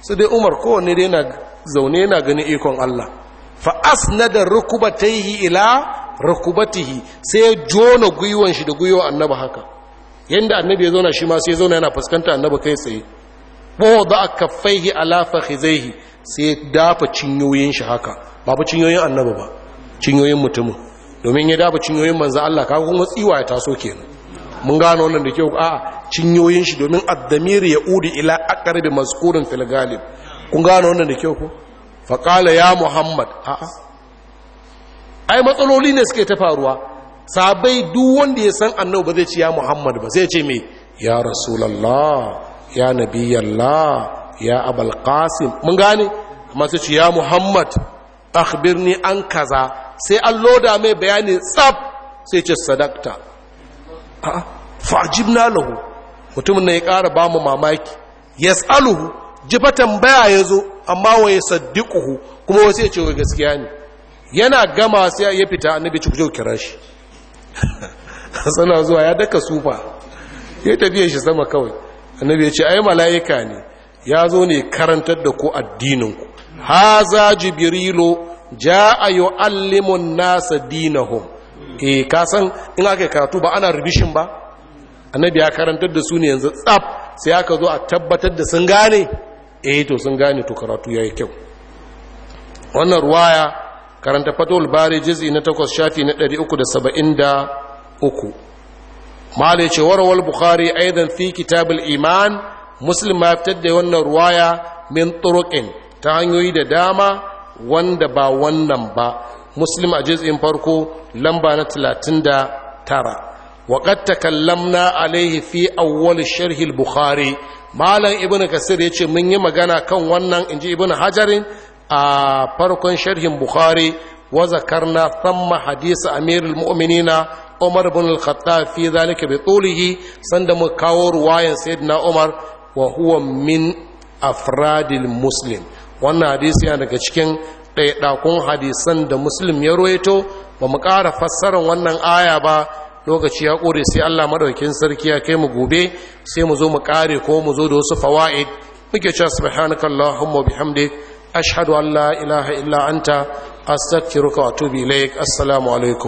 su dai umar kowane dai na zaune yana gani ikon allah fa da rukubatai ila rukubatihi sai ya jona gwiwon shi da gwiwon annabi haka Yadda annabi ya zauna shi ma sai zo zauna yana fuskanta annabi kai tsaye bo da kaffaihi ala fakhizaihi sai ya dafa cinyoyin shi haka ba ba cinyoyin annabi ba cinyoyin mutumin domin ya dafa cinyoyin manzo Allah kaga kuma tsiwa ya taso kenan mun gano wannan da kyau a cinyoyin shi domin addamir ya udi ila aqrabi mazkurin fil galib kun gano wannan da kyau ko fa qala ya muhammad a a ai matsaloli ne suke ta faruwa sabai duk wanda ya san annabi ba zai ce ya muhammad ba zai ce me ya rasulullah ya nabiyallah ya abul qasim mun gane amma sai ya muhammad akhbirni an kaza sai an loda mai bayani tsab, sai ce sadakta a'a na lahu mutumin na ya ƙara ba mu mamaki tsaluhu jifa tambaya ya zo amma wa ya saddiƙuhu kuma wasu ya ce wa gaskiya ne yana gama sai ya fita annabi ci kujau kira shi sana zuwa ya daka sufa ya tafiye shi sama kawai annabi ya ce ai mala'ika ne ya zo ne karantar da ku addininku haza jibrilu yi allimun nasa dinahun E, ka san in aka karatu ba ana rubishin ba annabi ya karantar da su ne yanzu tsaf sai aka zo a tabbatar da sun gane eh to sun gane to karatu yayi kyau wannan ruwaya karanta fatul bari juz'i na 8 shafi na 373 malai ce warwal bukhari aidan fi kitabul iman muslim ma fitar da wannan ruwaya min turuqin ta hanyoyi da dama wanda ba wannan ba muslim a juz'in farko lamba na 39 alaihi fi عليه sharhi أول Malam البخاري مالن ya ce mun yi magana kan wannan inji ibn hajarin a farkon sharhin bukhari wa zakarna samma hadisi amirul mu'minina umar ibn al-khattab fi zalika bi tulihi sanda mu kawo ruwayan sayyidina umar wa huwa min afradil muslim wannan hadisi yana daga cikin ɗaiɗakun hadisan da muslim ya roito ba mu ƙara fassarar wannan aya ba lokaci ya ƙure sai allah maɗaukin sarki ya kai mu gobe sai mu zo mu ƙare ko mu zo da wasu fawa'id muke cewa subhanaka allahumma bihamdi ashhadu an la ilaha illa anta astaghfiruka wa atubu ilaik assalamu alaikum